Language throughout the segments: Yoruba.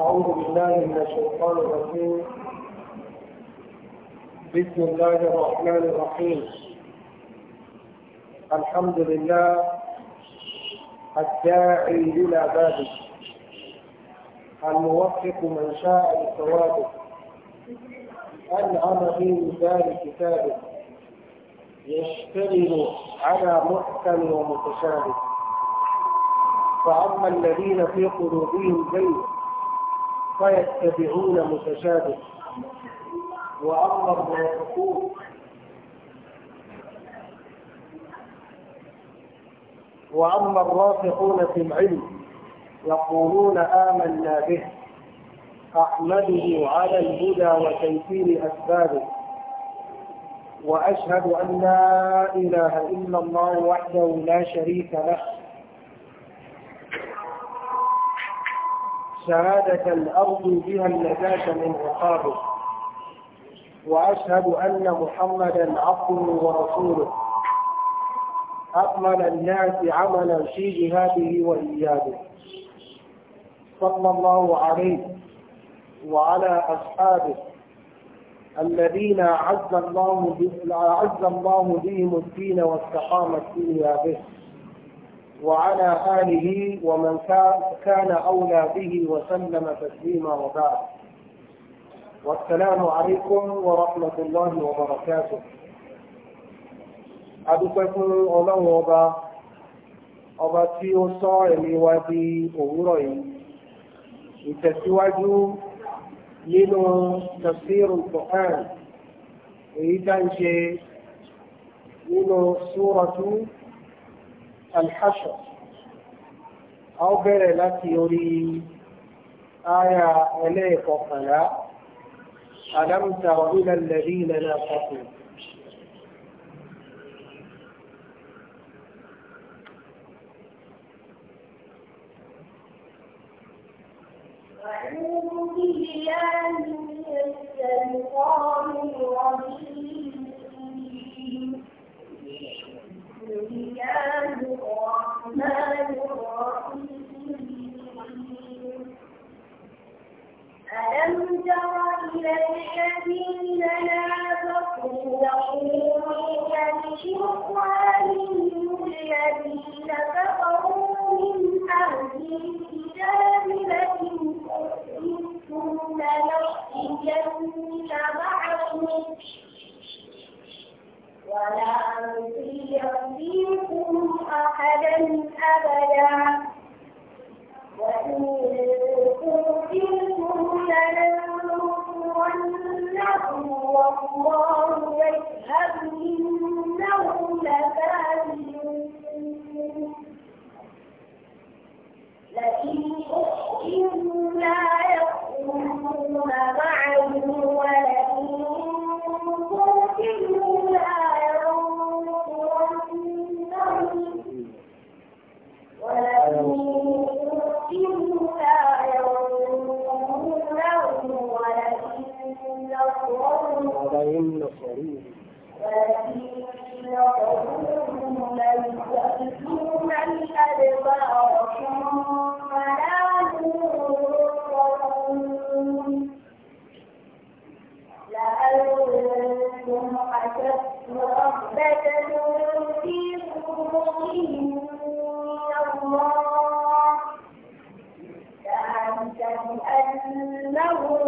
أعوذ بالله من الشيطان الرجيم بسم الله الرحمن الرحيم الحمد لله الداعي إلى بابه الموفق من شاء لثوابه أنعم في مثال كتابه يشتغل على محكم ومتشابه فأما الذين في قلوبهم زيد فيتبعون متشابه وأما المنافقون وأما الراسخون في العلم يقولون آمنا به أحمده على الهدى وتيسير أسبابه وأشهد أن لا إله إلا الله وحده لا شريك له شهادة أرجو بها النجاة من عقابه وأشهد أن محمدا عبده ورسوله أكمل الناس عملا في جهاده وإيابه صلى الله عليه وعلى أصحابه الذين أعز الله أعز الله بهم الدين واستقامت دنيا به وعلى آله ومن كان أولى به وسلم تسليما وبعد والسلام عليكم ورحمة الله وبركاته adúpẹ́kún ọlọ́run ọba ọba tí ó sọ ẹ̀mí wa di òwúrọ̀ yìí ìtẹ̀síwájú nínú tafsirul Qur'an èyí tá ń ṣe nínú súratu الحشر أو بير لا تيوري آية إليك وقلا ألم تر إلى الذين لا نافقوا Yeah. الرحمن الرحيم ألم تر إلى الذين نافقوا يقولون لإخوانهم الذين كفروا من أهل الكتاب لئن أخرجتم لنخرجن معكم ولا نطيع فيكم أحدا أبدا وإن قتلتم لننصرنكم والله يشهد إنه لكاذبون لئن أخرجوا لا يخرجون معهم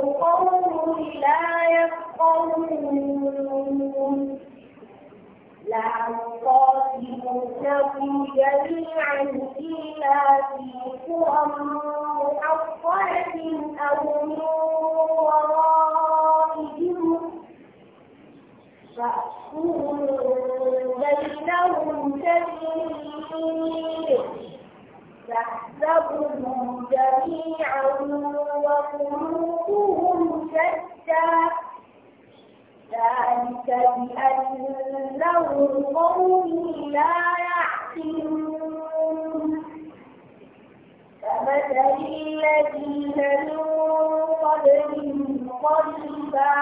قوم لا يفقهون لا يقاتلونكم جميعا إلا في قرى محصنة أو من ورائهم فاحكموا بينهم تدبير تحسبهم جميعا وقلوبهم شتى ذلك بأنهم قوم لا يعقلون كمثل الذين من قبلهم قريبا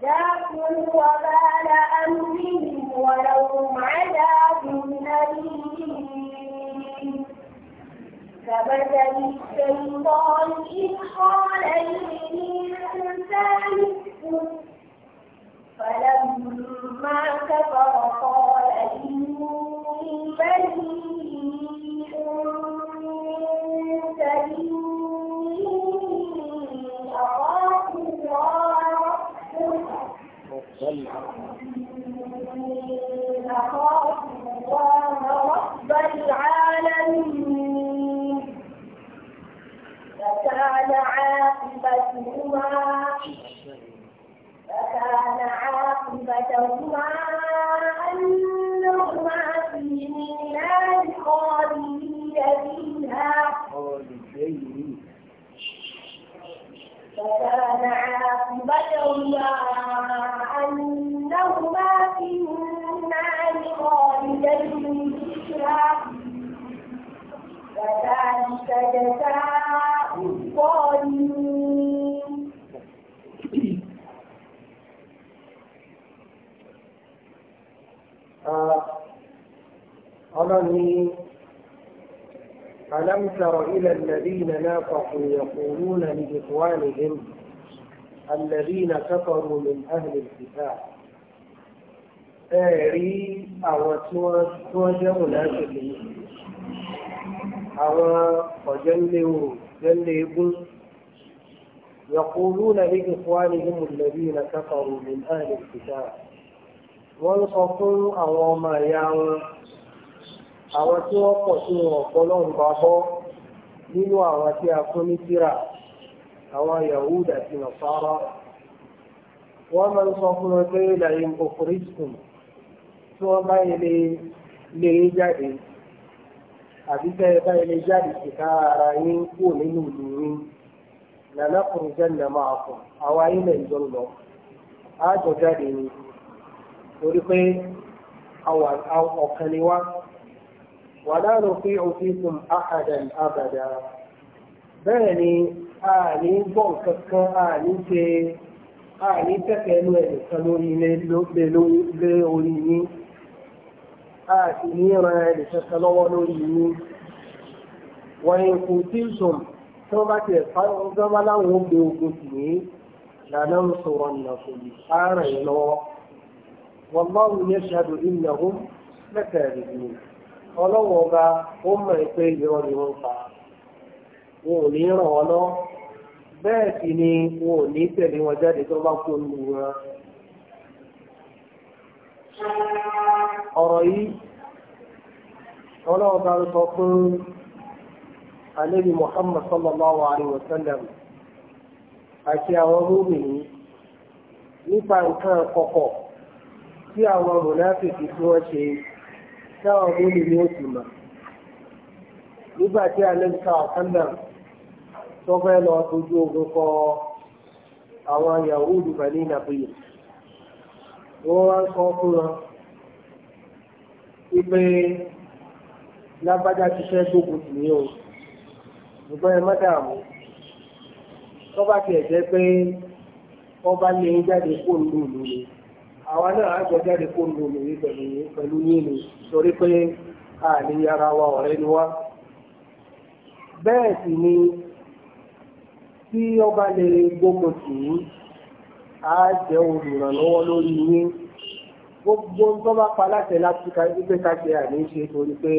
ذاقوا وبال أمرهم ولهم عذاب أليم فبدل الشيطان إن قال للإنسان فلما كفر قال إني بريء منك أخاف الله رب العالمين فكان عاقبتهما فكان عاقبتهما أنهما في النار خالدين فيها فكان عاقبتهما أنهما في النار خالدين فيها فذلك الظالمين آه، ألم تر إلى الذين نافقوا يقولون لإخوانهم الذين كفروا من أهل الكتاب أري إيه، أو توجه ناسك àwọn ọ̀jẹ̀lẹ̀ òòrùn jẹ́lẹ̀ egún يقولون لإخوانهم الذين كفروا من أهل الكتاب wọ́n sọ fún àwọn ọmọ ẹ̀yà wọn àwọn tí wọ́n pọ̀ sí wọn ọ̀pọ̀lọ́run bá bọ́ nínú àwọn tí a fún ní tírà àwọn yahood àti nasara wọ́n máa ń sọ fún wọn pé làyín òkúrìsìkùn tí wọ́n bá yẹ lé jáde àbí tẹ́ ẹ bá ilé jáde síta ara yín kúrò nínú ìlú yín lànà kùrù jẹ́nà máa kọ̀ àwa yín lè jọ lọ àjọ jáde ni torí pé ọ̀kan ni wá wà láàrín òfin fún àbàdà bẹ́ẹ̀ a ní gbọ́n kankan a ní ṣe a ní tẹ́kẹ̀ẹ́ nú lórí ilé a sì ní ran ẹnìkankan lọ́wọ́ lórí yín wọ́n ń kú tí ń sùn tí wọ́n bá tiẹ̀ fáwọn láwọn ó gbé ogun tì ní lànà ni bẹ́ẹ̀ sì ni wọn ní tẹ̀lé wọn jáde tó bá kó lu wọn. ọ̀rọ̀ yìí ọlọ́ọ̀bá ń sọ fún alẹ́bí Muhammad sallallahu alayhi wa sallam àti àwọn mùmìnì nípa nǹkan kọ̀kọ̀ tí àwọn mùnáfìkì tí wọ́n ṣe táwọn mùmìnì ó sì mọ̀ nígbà tí alẹ́bí sallallahu alayhi sallam tó fẹ́ lọ Yahudu wọ́n wá ń sọ fún wọn wípé lágbájá ṣiṣẹ́ gbógun tì ní o ṣùgbọ́n ẹ má dààmú tó bá tiẹ̀ jẹ́ pé ọba lè ń jáde kó ń lò lò ní àwa náà á jọ jáde kó ń lò lò ní pẹ̀lú yín ni torí pé a ní ara wa ọ̀rẹ́ ni wá bẹ́ẹ̀ sì ni tí ọba lè gbógun tì ní á jẹ́ olùrànlọ́wọ́ lórí yín gbogbo tó bá pa láṣẹ láti ka ẹgbẹ́ ká ṣe àlè ṣe torí pé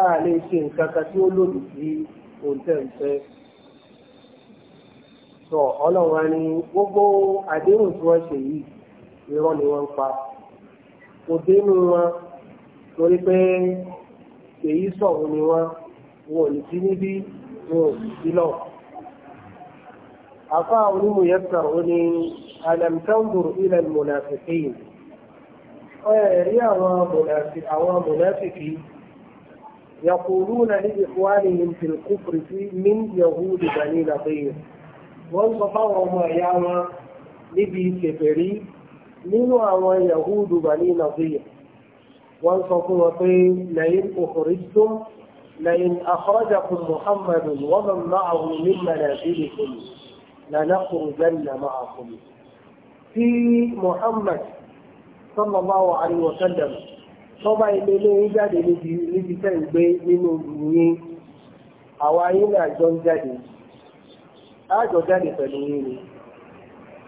a lè ṣe nǹkan kan tí ó lòdì sí òǹtẹ̀ǹtẹ̀. sọ ọlọ́run wa ni gbogbo àdéhùn tí wọ́n ṣe yìí irọ́ ni wọ́n ń pa kò dénú wọn torí pé èyí sọ̀rọ̀ ni wọ́n wọn ò ní sí níbí wọn ò sì sí lọ. àfa onímọ̀ yẹn sọ̀rọ̀ ni alam tanzur ila al يا عوام منافقين يقولون لاخوانهم في الكفر في من يهود بني نظير والنصارى هم عوام نبي كفري من عوام يهود بني نضير والنصارى لئن اخرجتم لئن اخرجكم محمد ومن معه من منازلكم لنخرجن معكم في محمد sallallahu alaihi wa sallam tọ́ba ilé ilé jáde níbi tẹ́ ń gbé nínú yín àwa yín náà jọ ń jáde ájọ jáde pẹ̀lú yín ni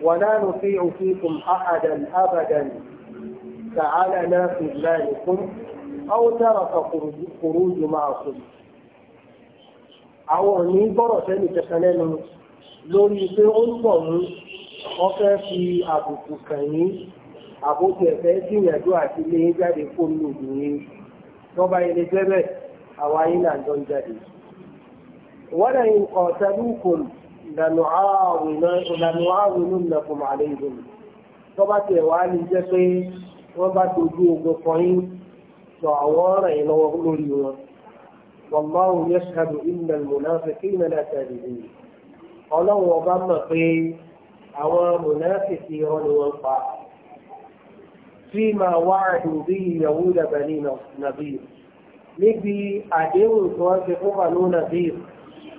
wà láàánú fi òfin kùn áhàdàn ábàdàn tààlà náà lórí pé ó ń bọ̀ mú wọ́n fi àbùkù kàn yín àbójú ẹ̀fẹ́ gbìyànjú àti lé jáde fún mi obìnrin tọ́ba ilé bẹ́bẹ̀ àwa yín náà jọ ń jáde. wọ́n yìí kọ́ tẹ́lúkùn lànà ààrùn nàkùn àlẹ́ ìdùn tọ́ba tẹ̀ wá ní jẹ́ pé wọ́n bá dojú ogun kan yín sọ àwọn ọ̀ràn yìí lọ́wọ́ lórí wọn. والله يشهد إن المنافقين لا كاذبين ọlọ́run ọba mọ̀ pé àwọn mùnáfìkì irọ́ ni wọ́n pa فيما وعدوا به يهود بني نذير níbi àdéhùn tí wọ́n ti fún pàlú nàbíir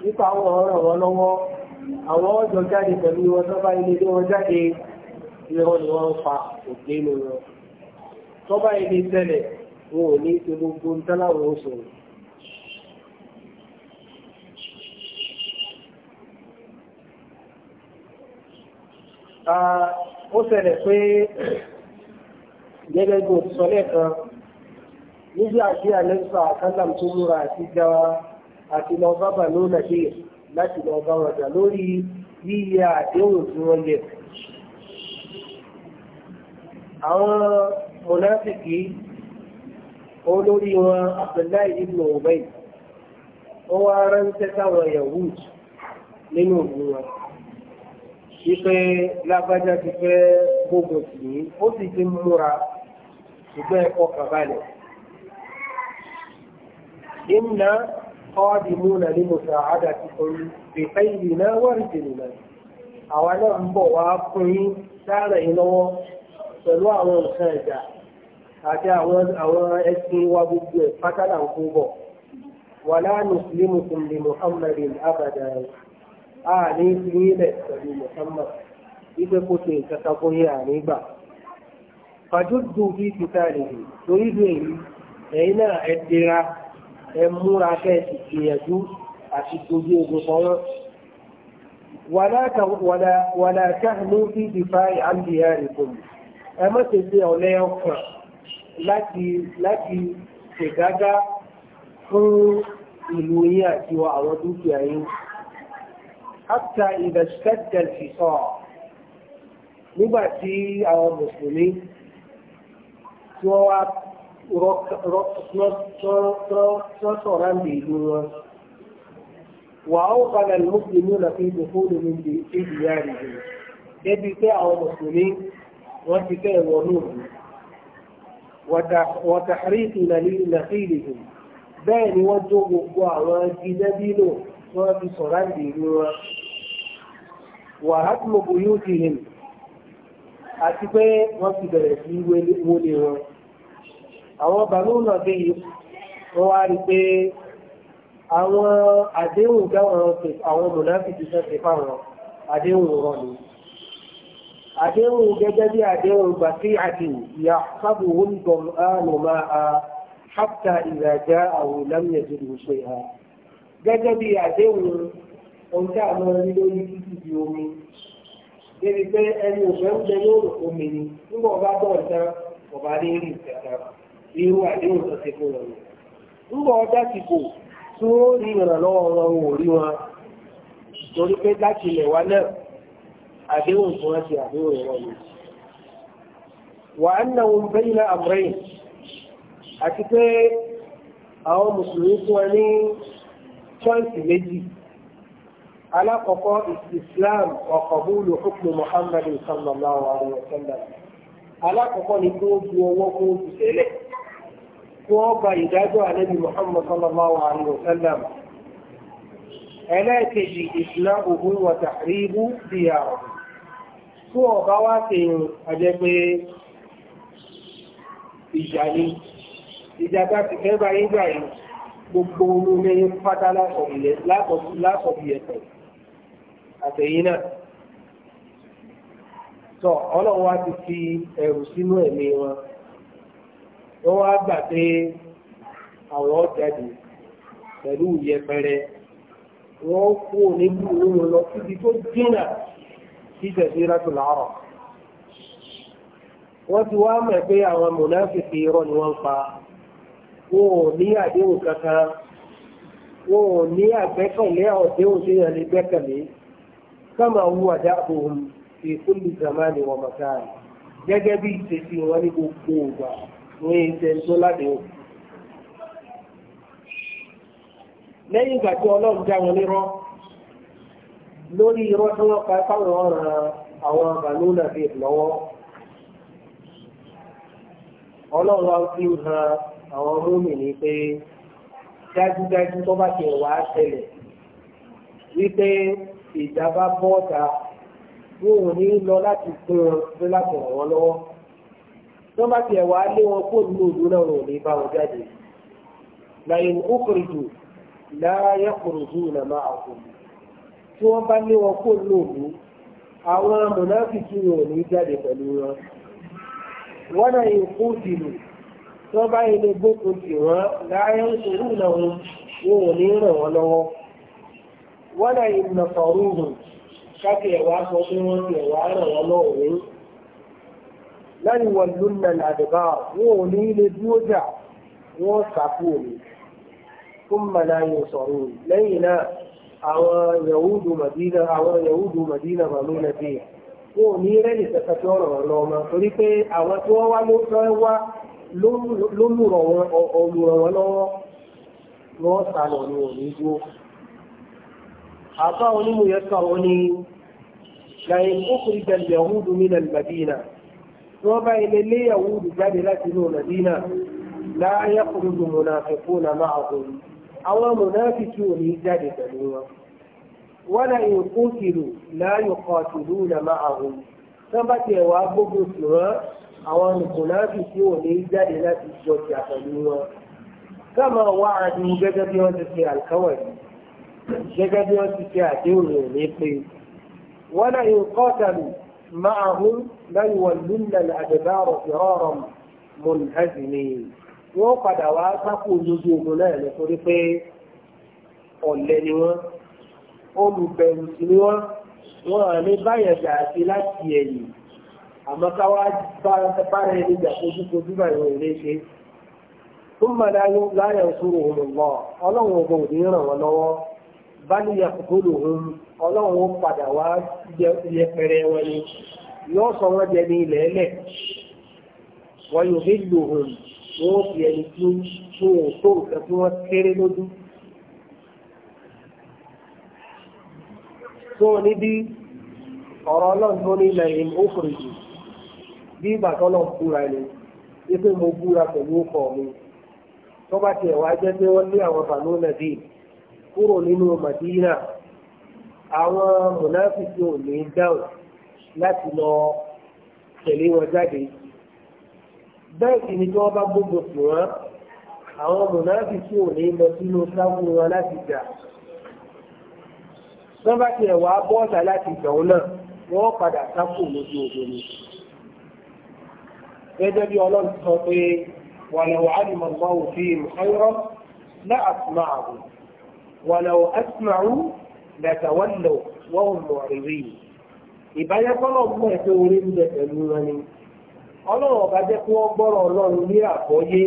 nípa àwọn ọ̀rọ̀ wọn lọ́wọ́ àwọn ọjọ́ jáde pẹ̀lú wọn tó bá ilé wọn jáde irọ́ ni wọ́n fa òkè inú wọn tó ilé tẹ́lẹ̀ wọn ò ní ti gbogbo ń tẹ́láwọn oṣù ó ṣẹlẹ̀ pé gẹ́gẹ́ bí o sọ lẹ́ẹ̀kan nígbà tí alẹ́sà àkálàm tó múra àti gba àti lọ bá bàló nàdé láti lọ bá wọn jà lórí yíyẹ àdéhùn tí wọ́n yẹ. àwọn mọ̀nàfìkì olórí wọn Abdullahi ibn Ubay ó wá ránṣẹ́ sáwọn Yahud nínú òun wọn wípé lágbájá ti fẹ́ gbogbo sí ó sì ti múra. ṣùgbọ́n ẹ̀kọ́ kàbálẹ̀. Inna qadimuna li musa'adatikum bi khayrina wa rijlina. Àwa náà ń bọ̀ wá fún yín sára yín pẹ̀lú àwọn nǹkan ẹ̀dá àti àwọn ẹṣin wa gbogbo ẹ̀ pátálà ń kó bọ̀. Wala nuslimukum li Muhammadin abadan. A ní fi yín lẹ̀ pẹ̀lú Muhammad. Ipe kò ṣe fún fàjúdù bí títà rèé torí bí èyí ẹ̀yìn náà ẹ dira ẹ múra kẹ́ ẹ sì gbìyànjú àti dojú ogun kan wọn. wàlá káàánú bí bìfà àǹdíyà àwọn mùsùlùmí tí wọ́n wá rọ́sọ̀rọ̀ǹdì ìlú wọn. wà ó padà mùsùlùmí náà fi dòkóòdù mi di ìdíyà rẹ̀ jù débi pé àwọn mùsùlùmí wọ́n ti fẹ́ wọnú ìlú. وتحريق نخيلهم bẹ́ẹ̀ ni wọ́n jó gbogbo àwọn gidẹ́bínú tí wọ́n fi sọ̀rọ̀ ìdí ìlú wọn wà hátìmọ̀ bò yóò ti hìn àti pé wọ́n ti bẹ̀rẹ̀ sí wọlé wọn àwọn bàmúnà bí wọ́n wá rí pé àwọn àdéhùn gáwọn àwọn mùnáfíkì sọ ti fáwọn àdéhùn rọ ni àdéhùn gẹ́gẹ́ bí àdéhùn gbà sí àti ìyá sábò wọn dọ̀m ánù máa a hapta ìrajà àwọn lámìnà tó dùn ṣe ha gẹ́gẹ́ bí àdéhùn ohun tí àwọn orí lórí títí di omi débi pé ẹni òṣèré ń bẹ yóò omi ni nígbà ọba bọ̀ ọ̀tán ọba ní rí ìtẹ̀tẹ̀ rẹ̀ irú àdéhùn tó ṣe fún wọn ni ńgbọ́ ọjà ti kò tí ó rí ìrànlọ́wọ́ wọn ò rí wọn torí pé láti ilẹ̀ wa náà àdéhùn tí wọ́n ti àdéhùn wọn ni wà á náwó bẹ́yìnà àmúrẹ́yìn àti pé àwọn mùsùlùmí fún wọn ní chọ́ǹsì méjì alákọ̀ọ́kọ́ islam ọ̀kọ̀bùlù hukmu muhammadu sallallahu alayhi wa sallam alákọ̀ọ́kọ́ ni kí ó ọwọ́ kó o tẹ́lẹ̀ kí wọ́n gba ìdájọ́ àlẹ́bí muhammad sallallahu alayhi wa sallam ẹlẹ́ẹ̀kejì ìsìlá òhun wa tahribu diyarah tí wọ́n bá wá sí irun àjẹ́ pé ìjà ni ìjà bá ti fẹ́ bá gbà yín gbogbo ohun ní pátá lákọ̀bí ẹ̀sẹ̀ àtẹ̀yìn náà tọ́ ọlọ́run ti fi ẹ̀rù sínú ẹ̀mí wọn ó wá gbà pé àwọn jáde pẹ̀lú ìyẹpẹrẹ wọ́n kú níbi òun lọ síbi tó dínà sí Jaziratul Arab wọ́n ti wá mọ̀ pé àwọn mùnáfìkì irọ́ ni wọ́n pa wọn ò ní àdéhùn kankan wọn ò ní àgbẹ́kànlé àdéhùn tí yẹn lè gbẹ́kànlé kama huwa da'buhum fi kulli zamani wa gẹ́gẹ́ bí ìṣesí wọn ní gbogbo ìgbà ní iṣẹ́ tó ládéhùn. lẹ́yìn ìgbà tí ọlọ́run já wọn nírọ́ lórí irọ́ tí wọ́n pa fáwọn ọ̀ràn àwọn bàlú nàbí lọ́wọ́ ọlọ́run á fi hàn àwọn múmi ní pé dájúdájú tó wípé ìjà bá bọ́ọ̀ta ò ní lọ láti fún wọn láti ràn wọ́n lọ́wọ́. tó bá tiẹ̀ wá lé wọn kó nínú ìlú náà wọn lè bá wọn jáde lẹ́yìn ókùrìjù láyé kùrìjù nà máa àkùn tí wọ́n bá lé wọn kó nínú ìlú àwọn mùnáfíkì wọn ò ní jáde pẹ̀lú wọn wọ́n náà yìí kú tìlù tí wọ́n bá ilé gbókun tì wọ́n láyé náà wọn ò ní ràn lọ́wọ́ náà yìí láì wọ̀n lónà àdìbá wọn ò ní ilé dúró jà wọn sàkó mi fún màláyé sọ̀rọ̀ lẹ́yìn náà àwọn yahudu madina àwọn yahudu madina bàmí nàbí wọn ò ní rẹ́ni kẹta tí wọ́n rọ̀ lọ́mọ torí pé àwọn tí wọ́n wá ló fẹ́ wá ló lùrọ̀ wọn lọ́wọ́ wọ́n sànà ní òní dúró. àbá onímù yẹn sọ̀rọ̀ ni لئن أخرج اليهود من المدينة wọ́n bá ilé léyàwó olùjáde láti inú Mẹdínà láyé kúrúdù na máa hùn àwọn mùnàfikù ò ní jáde pẹ̀lú wọn wọ́n náà ìkú kìlù láyé kọ̀ọ̀tìlù na máa hùn tán bá tiẹ̀ wá gbogbo sí wọn àwọn mùnàfikù ò ní jáde láti jọ sí àpẹ̀lú wọn kama wá àdúgbò gẹ́gẹ́ bí wọ́n ti ṣe àlùkáwàrí gẹ́gẹ́ bí wọ́n ti ṣe àdéhùn rẹ̀ ní pé náà معهم لا يولون الأدبار فرارا منهزمين wọ́n padà wá sápò lójú ogun náà nítorí pé ọ̀lẹ ni wọ́n olùbẹ̀rù sí ni wọ́n wọ́n à ní báyẹ̀dà àti láti ẹ̀yìn àmọ́ káwá bára ẹni jà fojú fojú báyìí wọ́n lè ṣe fún màdáyọ láyọ̀ sórò òun lọ ọlọ́run ọgbọ̀n òdì ràn wọ́n lọ́wọ́ bá níyà kòkòrò òun ọlọ́run ó padà wá yẹpẹrẹ wọn ni yóò sọ wọn jẹ ní ilẹ̀ ẹlẹ̀ wọn yóò fi lò hàn wọn fi ẹni tí wọn ò tó nǹkan tí wọn kéré lójú. tó o ní ọ̀rọ̀ náà tó ní ilẹ̀ ìlú òkèrè jù bí ìbàdàn náà búra ni wípé mo búra pẹ̀lú ọkọ mi tó bá tiẹ̀ wá jẹ́ pé wọ́n ní àwọn bàánú nàbí kúrò nínú Màdínà àwọn mùnáfíkì ò ní dáhùn láti lọ tẹ̀lé wọn jáde bẹ́ẹ̀ sì ni tí wọ́n bá gbogbo sí wọn àwọn mùnáfíkì ò ní lọ sínú sáfù wọn láti jà tó bá tiẹ̀ wá bọ́ọ̀sà láti ìgbàun náà wọ́n padà sáfù lójú òdo ni gẹ́gẹ́ bí ọlọ́run sọ pé ولو علم الله فيهم خيرا لأسمعهم ولو أسمعوا lẹ́tàwọ́lọ̀ wọ́n mọ̀ rírí ìbáyẹ́kọ́lọ̀ mú ẹ̀fẹ́ orí ń bẹ pẹ̀lú wọn ni ọlọ́run ọba jẹ́ kí wọ́n gbọ́rọ̀ ọlọ́run ní àkọ́yé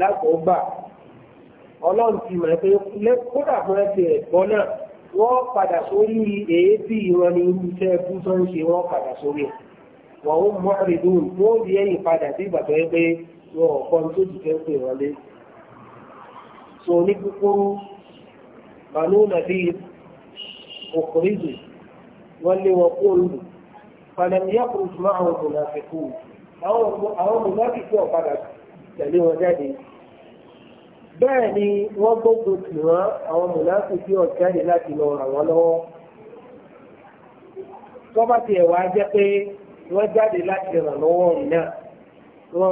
lákòógbà ọlọ́run ti mọ̀ fún ẹ̀gbọ́n náà wọ́n padà sórí èébì wọn padà sórí wọ́n ó mọ́ àrídùn wọ́n ò ti اخرجوا واللي وقولوا فلم يخرج معه المنافقون أو أو منافق وقال تلي وجدي بني وضد السماء أو منافق وكان لا تنور ولو tọ́ba ti ẹ̀ wá pé wọ́n jáde láti ràn lọ́wọ́ rìn náà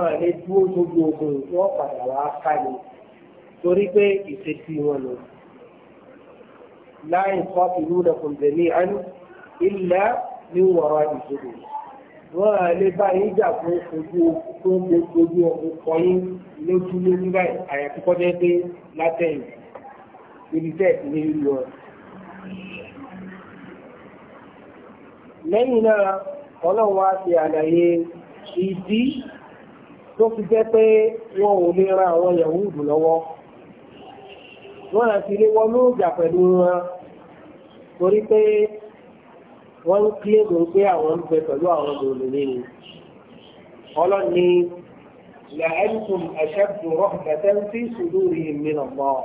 à lè dúró padà wá ká torí pé ìṣesí wọn lò. لا يقاتلونكم جميعا إلا من وراء جدر ولبا يجا fún gbogbo ọkọ̀ yín lójú lórí báyìí àyàfi kọjá pé látẹ̀yìn ibi bẹ́ẹ̀ ní ìlú ọ̀rọ̀. lẹ́yìn náà ọlọ́run wá ṣe àlàyé ìdí tó fi jẹ́ pé wọn ò lè ra àwọn Yàhúdù lọ́wọ́ wọ́n á fi lé wọn lóòjà pẹ̀lú wọn torí pé wọ́n ń kílé mọ̀ pé àwọn ń bẹ pẹ̀lú àwọn mòmìnì ni ọlọ́ni لأنتم أشد رهبة في صدورهم من الله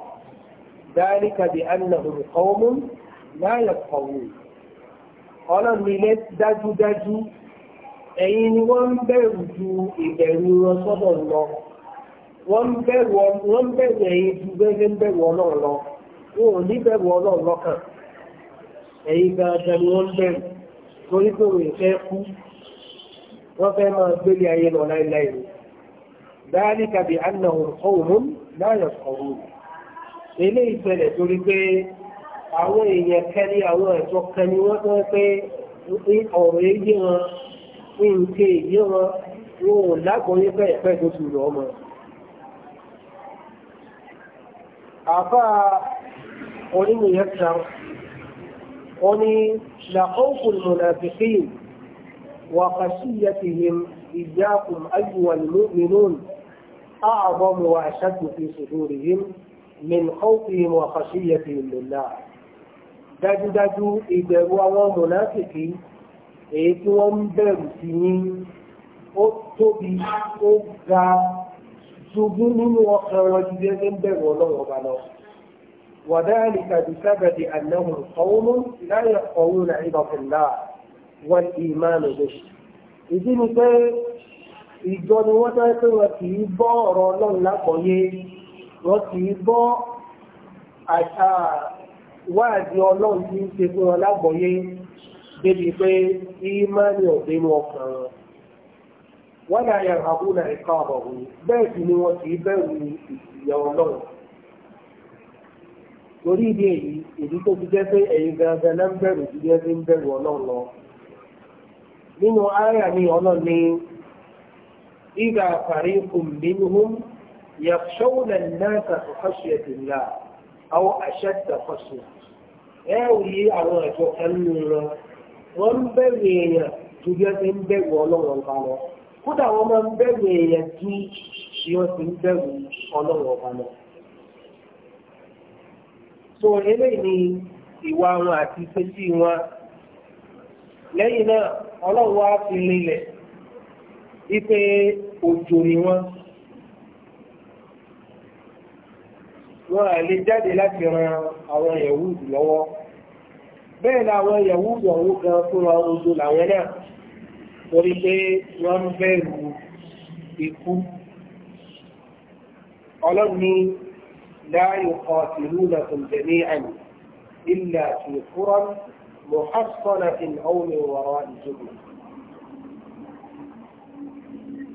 ذلك بأنهم قوم لا يفقهون ọlọ́ni lé dájúdájú ẹ̀yin ni wọ́n ń bẹ̀rù ju ìbẹ̀rù wọn sọ́dọ̀ lọ wọ́n ń bẹ̀rù wọ́n ń bẹ̀rù ẹ̀yin ju gẹ́gẹ́ ń bẹ̀rù ọlọ́run lọ wọn ò ní bẹ̀rù ọlọ́run lọ́kàn ẹ̀yin gangan ni wọ́n ń bẹ̀rù torí pé òun ìfẹ́ kú wọ́n fẹ́ máa gbélé ayé lọ láéláé dáálí kàbí annahun ọ̀hún láyọ̀ ọ̀hún عفا قولين يكثر قولي لخوف المنافقين وخشيتهم إياكم أيها المؤمنون أعظم وأشد في صدورهم من خوفهم وخشيتهم لله dájúdájú ìbẹ̀rù àwọn mọ̀láfìkì èyí tí wọ́n ń bẹ̀rù sí yín ó tóbi ó ga ṣubú nínú ọkàn wọn ti jẹ́ ń bẹ̀rù ọlọ́run ọba lọ. وذلك بسبب أنهم قوم لا يفقهون عباد الله والإيمان به ìdí ni pé ìjọ ni wọ́n tẹ́ pé wọ́n kì í bọ́ ọ̀rọ̀ ọlọ́run lápọ̀yé wọ́n kì í bọ́ wáàdí ọlọ́run tí ń ṣe fún wọn lápọ̀yé débi pé ìmánì ọ̀dẹ́nu ọkàn wọn. wọ́n náà yẹ àbúlà sì ni wọ́n kì í bẹ̀rù ìyà ọlọ́run torí ìdí èyí ìdí tó fi jẹ́ pé ẹ̀yin gangan náà ń bẹ̀rù ìdílé ń lọ nínú ni ọlọ́run ní ìgbà fariqun minhum ya an-nasa ka ya Allah ya ẹ ò yí àwọn ẹ̀jọ̀ kan nínú wọn ń èèyàn ń lọ. kódà wọn máa ń bẹ̀rù èèyàn tí wọ́n ti ń bẹ̀rù ọlọ́run ọba lọ. so eléyìí ni ìwà wọn àti ìfésì wọn lẹ́yìn náà ọlọ́run wá fi rinlẹ̀ wípé òjò ni wọ́n. wọn à lè jáde láti ran àwọn Yahudi lọ́wọ́ bẹ́ẹ̀ ni àwọn Yahudi ọ̀hún gan fúnra ojú làwọn náà. nítorí pé wọ́n ń bẹ̀rù ikú ọlọ́run ní láàyò qatilūnakum jamī'an illā fī qurā muḥaṣṣanatin aw min warā'i judur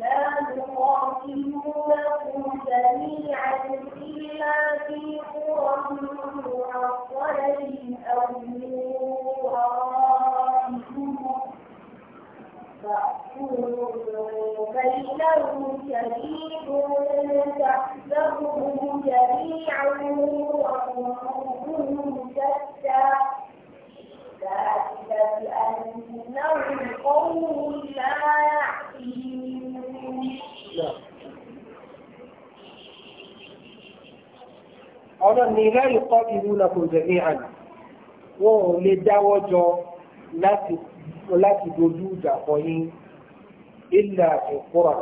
لا يقاتلونكم جميعا إلا في قرى محصنة أو من بينهم شديد تحسبهم جميعا وقلوبهم شتى ذلك بأنهم قوم لا يعقلون ọlọ́run ni láyé kọ́ ìrúnà kò jẹ̀mí àná wọn ò lè dáwọ́ jọ láti láti dojú ìjà kọ yín ilẹ̀ ìkúra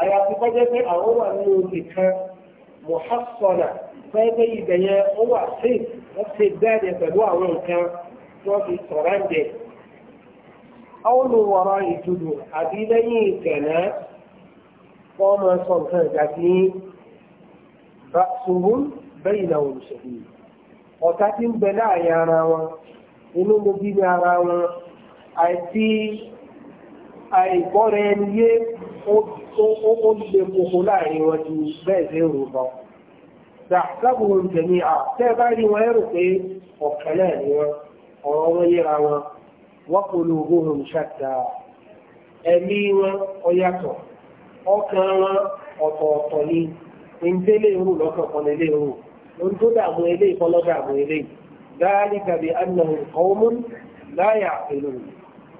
àyàfi kọjá pé àwọn wà ní kan muhassana fẹ́ẹ́fẹ́ ibẹ̀ yẹn ó wà sí wọ́n ti bẹ́ẹ̀rẹ̀ pẹ̀lú àwọn nǹkan tí wọ́n fi sọ̀rọ̀ àwọn olùwọ̀rọ̀ ìdùnnú àbí lẹ́yìn ìtẹ̀lẹ́ wọ́n máa sọ nǹkan ìjà sí bàtùhùn bẹ́yìn náà ọ̀tá ń bẹ àìsí àìgbọ́ra ẹni yé ó lè kòkó láàrin wọn ju bẹ́ẹ̀ sí èrò lọ. Dàkàbù ìjẹ̀mí à tẹ́ bá rí wọn ẹrù pé ọ̀kẹ́lẹ̀ ni wọn, ọ̀rọ̀ wọn yẹra wọn, wọ́n kò lo ohun ṣàtà. Ẹ̀mí wọn ó yàtọ̀, ọkàn wọn ọ̀tọ̀ọ̀tọ̀ ni, ǹjẹ́ rù lọ́kàn kan lè rù, ohun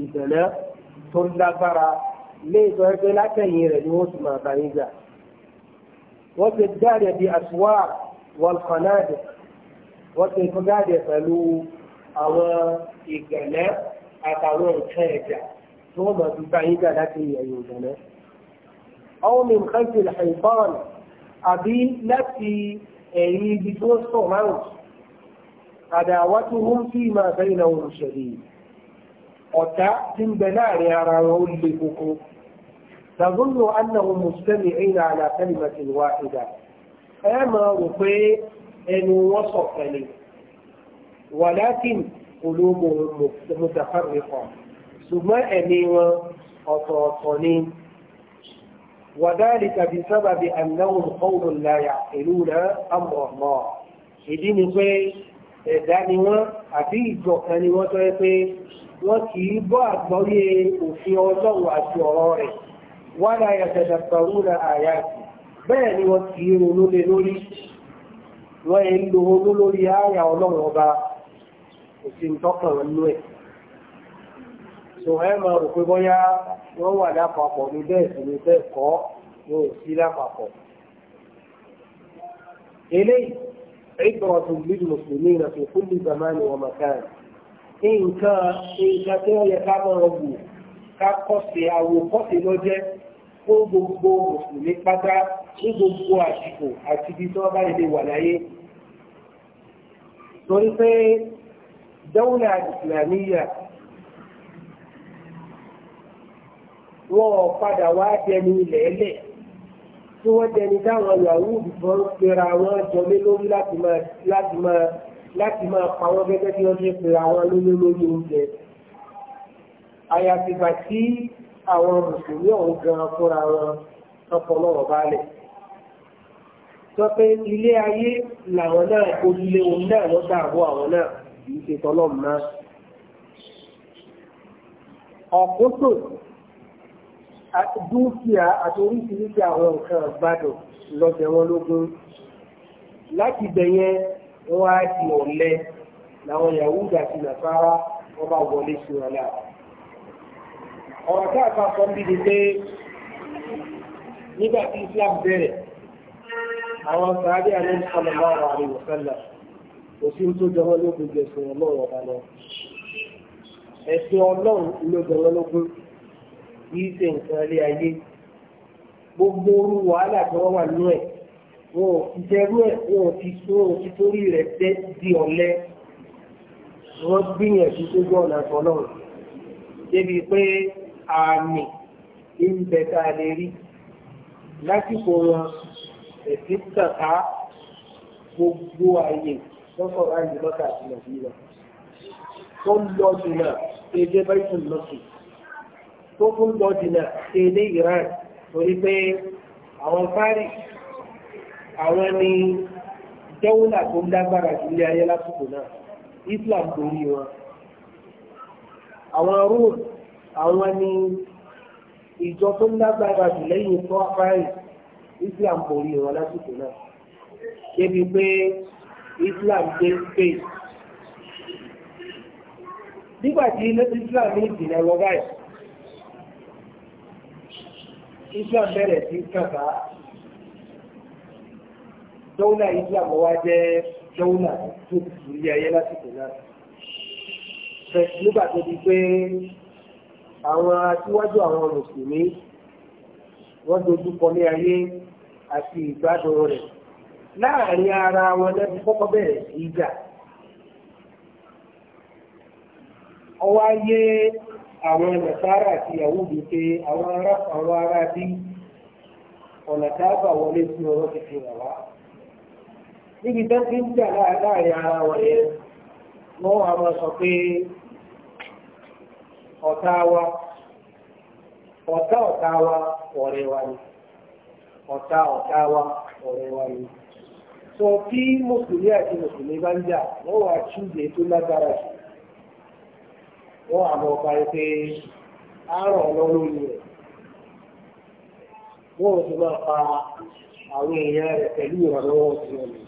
ìbẹ̀lẹ́ tó lágbára lé ìtọ́ ẹgbẹ́ látẹ̀yìn rẹ̀ ni wọ́n ti máa bá yín jà. wọ́n ti dáre bí àṣùwà wọlfànàdì wọ́n ti tún dáre pẹ̀lú àwọn ìgbẹ̀lẹ́ àtàwọn nǹkan ẹ̀jà tí wọ́n máa fi bá yín jà látẹ̀yìn ẹ̀yìn ìbẹ̀lẹ́. àwọn mi nǹkan ti lè ṣàìbọ́ọ̀nù àbí láti ẹ̀yìn ibi tí wọ́n sọ̀ márùn-ún àdáwátú hún fí máa bẹ́ẹ̀ náà wọn yìí ọ̀tá tí ń bẹ láàrin ara wọn ó le koko tàbúrò annáwó mùsùlùmí ẹ̀yìnà àlàkálì màtí wá ìdá ẹ máa rò pé ẹnu wọn sọ̀tẹ̀lẹ̀ wàlákìn olóògbò mùtàfàrìkọ ṣùgbọ́n ẹ̀mí wọn ọ̀tọ̀ọ̀tọ̀ ni وذلك بسبب أنهم قوم لا يعقلون أمر الله ìdí ni pé ẹ̀dá ni wọ́n àbí ìjọ̀kan ni wọ́n tó yẹ pé wọn kì í bọ́ àgbọ́yé òfin ọlọ́run àti ọ̀rọ̀ rẹ̀ wọ́n náà yàtọ̀dà pẹ̀lú àyà bẹ́ẹ̀ ni wọ́n kì í ronú lé lórí wọ́n ń lo ronú lórí àyà ọlọ́run ọba عبرة للمسلمين في كل زمان ومكان nǹkan nǹkan tí wọ́n yẹ ká mọ́ ọgbù ká kọ́sẹ̀ àwò kọ́sẹ̀ lọ jẹ́ fún gbogbo mùsùlùmí pátá ní gbogbo àsìkò àti ibi tí wọ́n bá lè wà láyé torí pé dáúlà ìsìlámíyà wọ́n padà wá dẹni lẹ́lẹ̀ tí wọ́n dẹni táwọn yahoo bọ́n pera wọn jọlé lórí láti máa láti máa pa wọ́n gẹ́gẹ́ bí wọ́n ṣe pè àwọn lóló lórí oúnjẹ. àyàfi ìgbà tí àwọn mùsùlùmí ọ̀hún gan fúnra wọn ọpọlọ ọ̀bálẹ̀. sọ pé ilé ayé làwọn náà ojúlé òun náà ló dààbò àwọn náà kì í ṣe tọlọ́mù náà. ọ̀kótó dúkìá àti oríṣiríṣi àwọn nǹkan àgbàdo lọ́jọ́ wọn lógún. láti bẹ̀yẹn wọ́n wá di ọ̀lẹ làwọn Yahuda àti Nasara wọ́n bá wọlé sí wọn náà. ọ̀rọ̀ tá a fà sọ bí ni pé nígbà tí Islam bẹ̀rẹ̀ àwọn sàádé àlẹ́ ìsọ̀lọ̀ máa wà ní ìwọ̀sánlá kò sí tó jọmọ́ lógun jẹ̀sùn ọlọ́run ọba lọ. ẹ̀sìn ọlọ́run ló jọmọ́ lógun kì í ṣe nǹkan ilé ayé gbogbo orú wàhálà tí wọ́n wà nínú ẹ̀ wọn ò ti jẹrú ẹ̀ wọn ò ti so wọn ò ti torí rẹ̀ jẹ́ di ọ̀lẹ wọ́n gbìyànjú tó gbọ́ ọ̀nà àtọ̀nà débi pé àmì ń bẹ tá a lè rí lásìkò wọn ẹ̀sìn kàkà gbogbo ààyè lọ́sọ̀ láti lọ́kà àti nàìjíríà tó ń lọ dìnnà èdè báyìí lọ́sì tó tún lọ dìnnà èdè Iran torí pé àwọn fárí àwọn ni jẹ́wọ́là tó ń dágbára sí ilé ayé lásìkò náà Islam kò rí wọn àwọn Rome àwọn ni ìjọ tó ń lágbára jù lẹ́yìn tó afárí Islam kò rí wọn lásìkò náà débi pé Islam dé Spain nígbà tí Islam ní ìdìnnà lọ báyìí Islam bẹ̀rẹ̀ sí kàkà dọ́wùlà India mọ́ wá jẹ́ dọ́wùlà tó kù ní ayé náà nígbà di pé àwọn aṣíwájú àwọn musulmi wọ́n dojú kọ ní ayé àti láàrin ara wọn lẹ́bi kọ́kọ́ bẹ̀rẹ̀ sí ìjà ọwọ́ ayé àwọn nàìjíríà àti pé àwọn ará bí ọ̀nà tá a wọlé ti níbi tó ti ń jà láàrin ara wọn yẹn wọ́n wà máa sọ pé ọ̀tá wa ọ̀tá ọ̀tá wa ọ̀rẹ́ wa ni ọ̀tá ọ̀tá wa ọ̀rẹ́ wa ni sọ tí mùsùlùmí àti mùsùlùmí bá ń jà wọ́n wà túnjẹ tó lágbára jù wọ́n àmọ́ ọba yìí pé á ràn ọ́ rẹ̀ wọ́n ò sì máa pa àwọn èèyàn rẹ̀ pẹ̀lú ìrànlọ́wọ́ sí ọ̀nà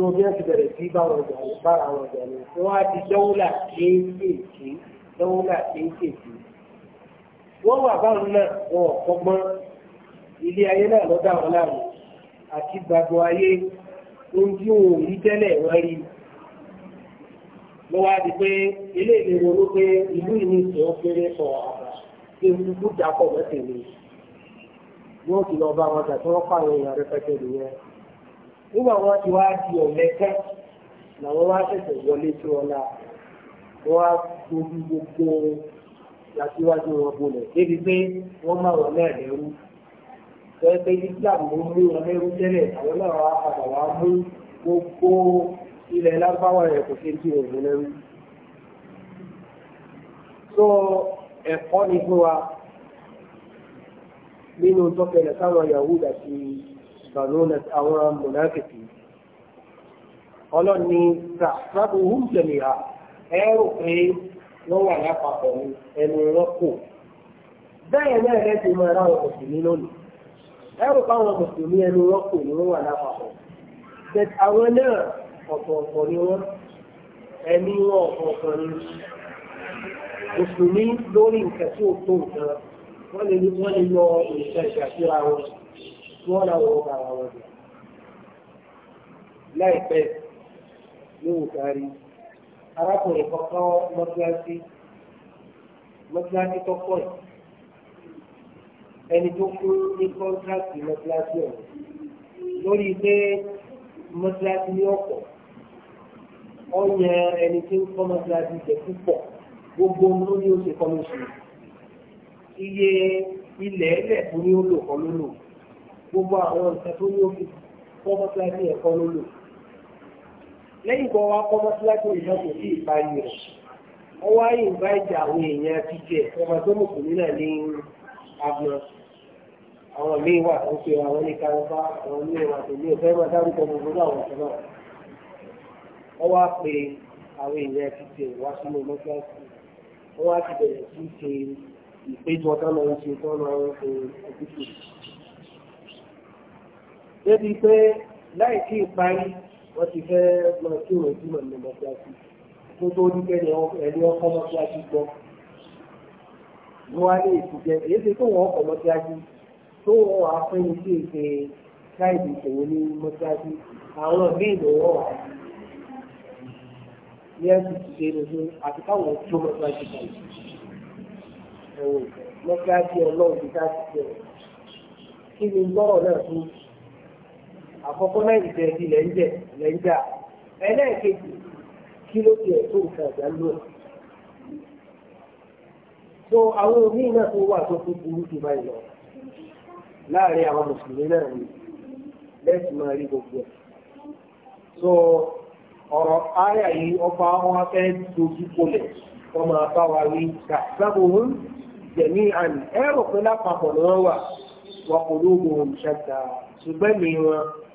tó bí wọ́n ti bẹ̀rẹ̀ sí bá wọn jà ní bá àwọn jà ní wọ́n á di dọ́wọ́là kéékèèké dọ́wọ́là kéékèèké. wọ́n wà báwọn náà wọn ilé ayé náà ló dá wọn láàmú àti gbàgbọ́ ayé ohun tí wọn ò rí tẹ́lẹ̀ wọ́n rí lọ́wọ́ àti pé ilé ìlú ronú pé ìlú ìní ìṣẹ́ ó kéré sọ àbá tí gbogbo dàpọ̀ mẹ́tẹ̀ẹ̀lẹ̀ wọ́n ti lọ bá wọn jà tí wọ́n pààyàn èèyàn rẹpẹtẹ nìyẹn nígbà wọn ti wá di ọ̀lẹ́kẹ́ làwọn wá ṣẹ̀ṣẹ̀ wọlé sí ọlá wọn á gbogbo gbogbo làṣíwájú wọn bolẹ̀ débi pé wọ́n máa wọ̀ náà lẹ́rú lọ́wọ́ pé Islam ló mú wọn lẹ́rú tẹ́lẹ̀ àwọn náà wá padà wá mú gbogbo ilẹ̀ lágbáwá rẹ̀ kò ṣe tí wọn mú lẹ́rú. so ẹ̀kọ́ ni fún wa nínú tọ́kẹ̀lẹ̀ sáwọn Yahoo àti kàlónà àwọn mùnáfìkì ọlọ́ni sàbàbò hùm jẹ̀mìhà ẹ rò pé wọ́n wà lápapọ̀ ní ẹnu rọ́pò bẹ́ẹ̀ náà ẹ ti mọ ẹ̀rọ àwọn mùsùlùmí lónìí ẹ rò pé àwọn mùsùlùmí ẹnu rọ́pò ni wọ́n wà lápapọ̀ bẹ́ẹ̀ àwọn náà ọ̀tọ̀ọ̀tọ̀ ni wọ́n ẹni wọn ọ̀tọ̀ọ̀tọ̀ ni mùsùlùmí lórí nǹkan tí ó tó nǹkan wọ́n lè lọ ìṣẹ̀ṣẹ̀ síra wọn tí wọ́n láwọn ọba àwọn ọjà láìpẹ́ ló wù kárí arákùnrin kọ́kọ́ mọ́tíláṣí mọ́tíláṣí kọ́kọ́ yìí ẹni tó kú ní kọ́ńtrákì mọ́tíláṣí ọ̀hún lórí pé mọ́tíláṣí ní ọ̀pọ̀ ọ̀yẹ ẹni tí ń kọ́ mọ́tíláṣí jẹ púpọ̀ gbogbo lórí oṣù kọ́míṣù iye ilẹ̀ ẹlẹ́kùn ní ó lò kọ́ ló lò gbogbo àwọn nǹkan tó ní òkè kọ́mọ́ síláṣí ẹ̀kọ́ ló lò lẹ́yìn kan wá kọ́mọ́ síláṣí ìjọ kò sí ìparí rẹ̀ wọ́n wá yìí bá ìjà àwọn èèyàn ti jẹ ọmọ tó mú kùnú náà ní abúlé àwọn míín wà tó pe àwọn ní kárọ́fà àwọn míín wà tó ní òfẹ́ máa dárúkọ gbogbo àwọn ọ̀sán náà wọ́n wá pe àwọn èèyàn ti jẹ wá sínú mọ́tíláṣí wọ́n wá ti bẹ̀rẹ̀ sí ṣe ìpéjọ tán lọ́wọ́ ṣe tán lọ́wọ́ ṣe ojúṣe débi pé láì tí ì parí wọ́n ti fẹ́ lọ sí òwe tí mọ̀ ní mọ́tíláṣí tó tó ní kẹ́ni ẹni ọkọ̀ mọ́tíláṣí gbọ́. wọ́n á lè ìtújẹ èyí ṣe tó wọ́n ọkọ̀ mọ́tíláṣí tó wọ́n wàá pín ní sí èké káìdì ìṣòwò ní mọ́tíláṣí àwọn míì ló wọ́n wà ní ẹ̀sìn ti ṣe lóṣù àti káwọn tó mọ́tíláṣí kan ẹ̀wọ̀n mọ́tíláṣí ọlọ́run ti ká àkọ́kọ́ náà ìjẹ́ ẹbí lẹ́ńjẹ́ lẹ́ńjà ẹlẹ́ẹ̀kejì kí ló ti ẹ̀ tó nǹkan ẹ̀dá lò so àwọn omi náà tó wà tó tó burú jù báyìí lọ láàrin àwọn mùsùlùmí náà ni lẹ́sìn máa rí gbogbo ẹ̀ so ọ̀rọ̀ ayà yìí ọba wọn fẹ́ dojú kolẹ̀ wọ́n máa bá wa rí kàtàbùhún jẹ̀mí àmì ẹ̀rọ pé lápapọ̀ ni wọ́n wà wọ́n kò lóògùn òmùṣẹ́ta ṣùgbẹ́ mi wọn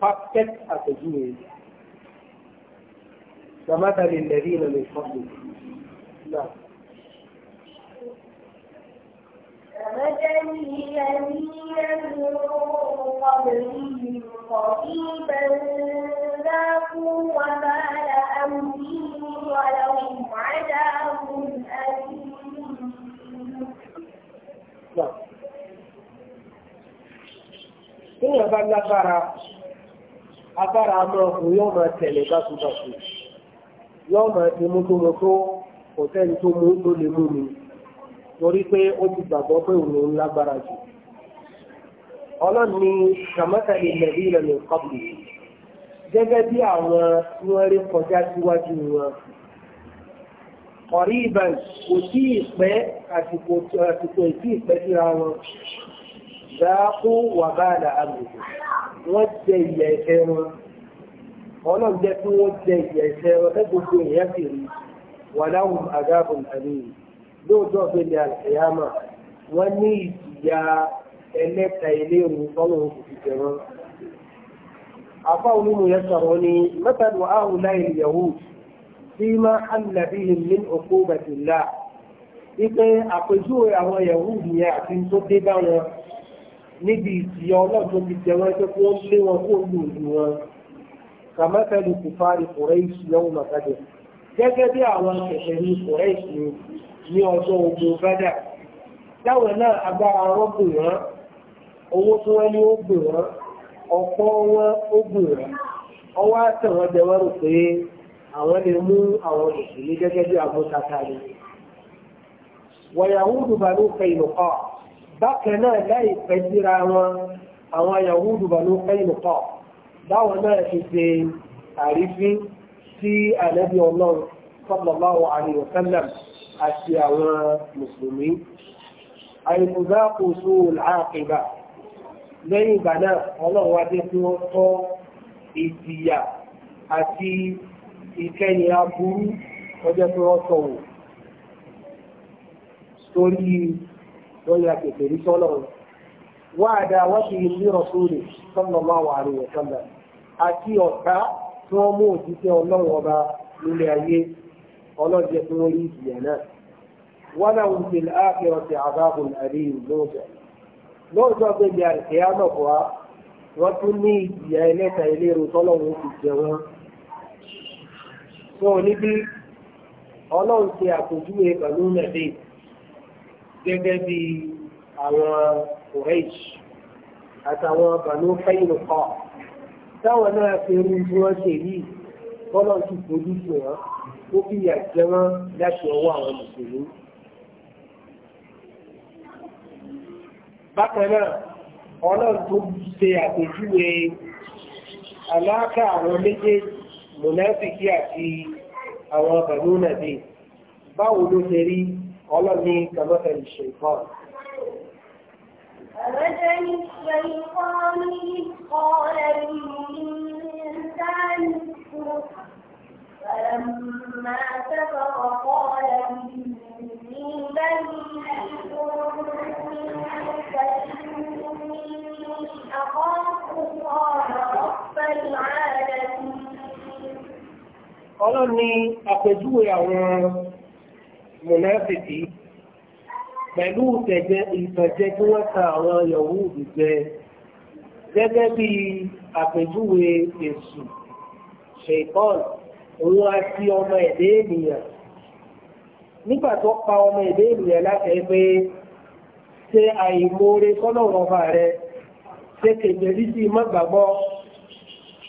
perfect as فمثل الذين من قبلكم نعم فمثل الذين من قبلهم قريبا ذاقوا وبال أمرهم ولهم عذاب أليم نعم. Tí ìyẹn bá lágbára agbára àmọ́ ọkùnrin yóò máa tẹ̀lé báṣubàṣu yóò máa ti mú tó mọ tó kò sẹ́ni tó mú tó lè mú mi torí pé ó ti gbàgbọ́ pé òun lágbára jù ọlọ́run ni ṣàmọ́tà ilẹ̀ ilẹ̀ ní kọ́bù gẹ́gẹ́ bí àwọn tí wọ́n rí kọjá síwájú wọn ọ̀rí ìbàn kò sí ìpẹ́ àsìkò ìpẹ́ síra wọn ṣáàkú wà báàlà àmìkù wọ́n jẹ ìyà ẹ̀ṣẹ̀ wọn ọlọ́run jẹ́ kí wọ́n jẹ ìyà ẹ̀ṣẹ̀ wọn ẹ gbogbo èèyàn sì rí wà láwùn àgáàbùn àníyàn lóòótọ́ pé ní àlẹ́yàmà wọ́n ní ìjìyà ẹlẹ́ta ilé-ìrù tọ́lọ́run kò fi jẹ wọn. àfáwọn onímọ̀ yẹn sọ̀rọ̀ ni mẹ́tàlú àrùn láì yahoo tí máa hàn nàbíyìn ní àpèjúwe àwọn yahoo yẹn àti tó dé bá níbi ìtìyà ọlọ́dún ti jẹ wọ́n pé kí wọ́n lé wọn kó lù lù wọn kàmẹ́tẹ̀lì kùfàrí kùrẹ́ìsì lọ́wọ́ màkàdé gẹ́gẹ́ bí àwọn kẹ̀kẹ́ ní kùrẹ́ìsì ní ọjọ́ ogun bẹ́dà táwọn náà agbára wọn gbè wọn owó tí ní ó gbè wọn ọ̀pọ̀ wọn ó gbè wọn ọwọ́ jẹ rò pé àwọn lè mú àwọn òṣèlú gẹ́gẹ́ bí tata ni wọ̀yàwó dùbà ló fẹ́ ìlú kọ́ bákan náà láì pẹ́ síra wọn àwọn Yahudu Banu Qaynuqa báwọn náà ṣe ṣe àrífín sí ànábì ọlọ́run sallallahu alayhi wa sallam àti àwọn mùsùlùmí àìkùzá kò só àkìbà lẹ́yìn ìgbà náà ọlọ́run wá ọjọ́ fún ọkọ̀ wò torí wọ́n ya kèké rí sọ́lọ̀ wọ́n àdá wọ́n ti ní rọ̀súlì sallallahu alaihi wa sallam àti ọ̀tá tí wọ́n mú òjíṣẹ́ ọlọ́run ọba nílé ayé ọlọ́jẹ́ tí wọ́n rí ìjìyà náà wọ́n náà ń fi ákẹ́rọ̀ ti àbáàbò àrí ìlóòjọ́ lóòjọ́ pé bí wọ́n tún ní ìjìyà ẹlẹ́ta ti jẹ wọ́n. sọ níbi ọlọ́run pẹ̀lú gẹ́gẹ́ bí àwọn Quraysh àtàwọn Banu Qaynuqa táwọn náà fi rú bí wọ́n ṣe yìí bọ́lá ti fojú sí wọn ó fi yà jẹ wọn láti ọwọ́ àwọn mùsùlùmí. bákan náà ọlọ́run tó ṣe àpèjúwe aláàkà àwọn méjèèjì mùnáfíkì àti àwọn bàbá nàbí báwo ló ṣe rí ọlọ́ni kẹfẹ́fẹ́ ìṣe ìkọ́. أَمَثَلِ الشَّيْطَانِ إِذْ قَالَ لِلْإِنسَانِ اكْفُرْ فَلَمَّا كَفَرَ قَالَ إِنِّي بَرِيءٌ مِنكَ إِنِّي أَخَافُ اللَّهَ رَبَّ الْعَالَمِينَ. Ọlọ́ni àpèjúwe àwọn mùnáfìkì pẹ̀lú ìtànjẹ tí wọ́n ta àwọn Yàhúdù jẹ gẹ́gẹ́ bí àpèjúwe Èṣù ṣèkọ́ọ̀lù òun àti ọmọ ẹ̀dẹ́ ènìyàn nígbà tó pa ọmọ ẹ̀dẹ́ ènìyàn láti ẹgbẹ́ ṣe àìmoore sọ́lọ́run ọba rẹ̀ ṣe kèfèrí sí mọ́gbàgbọ́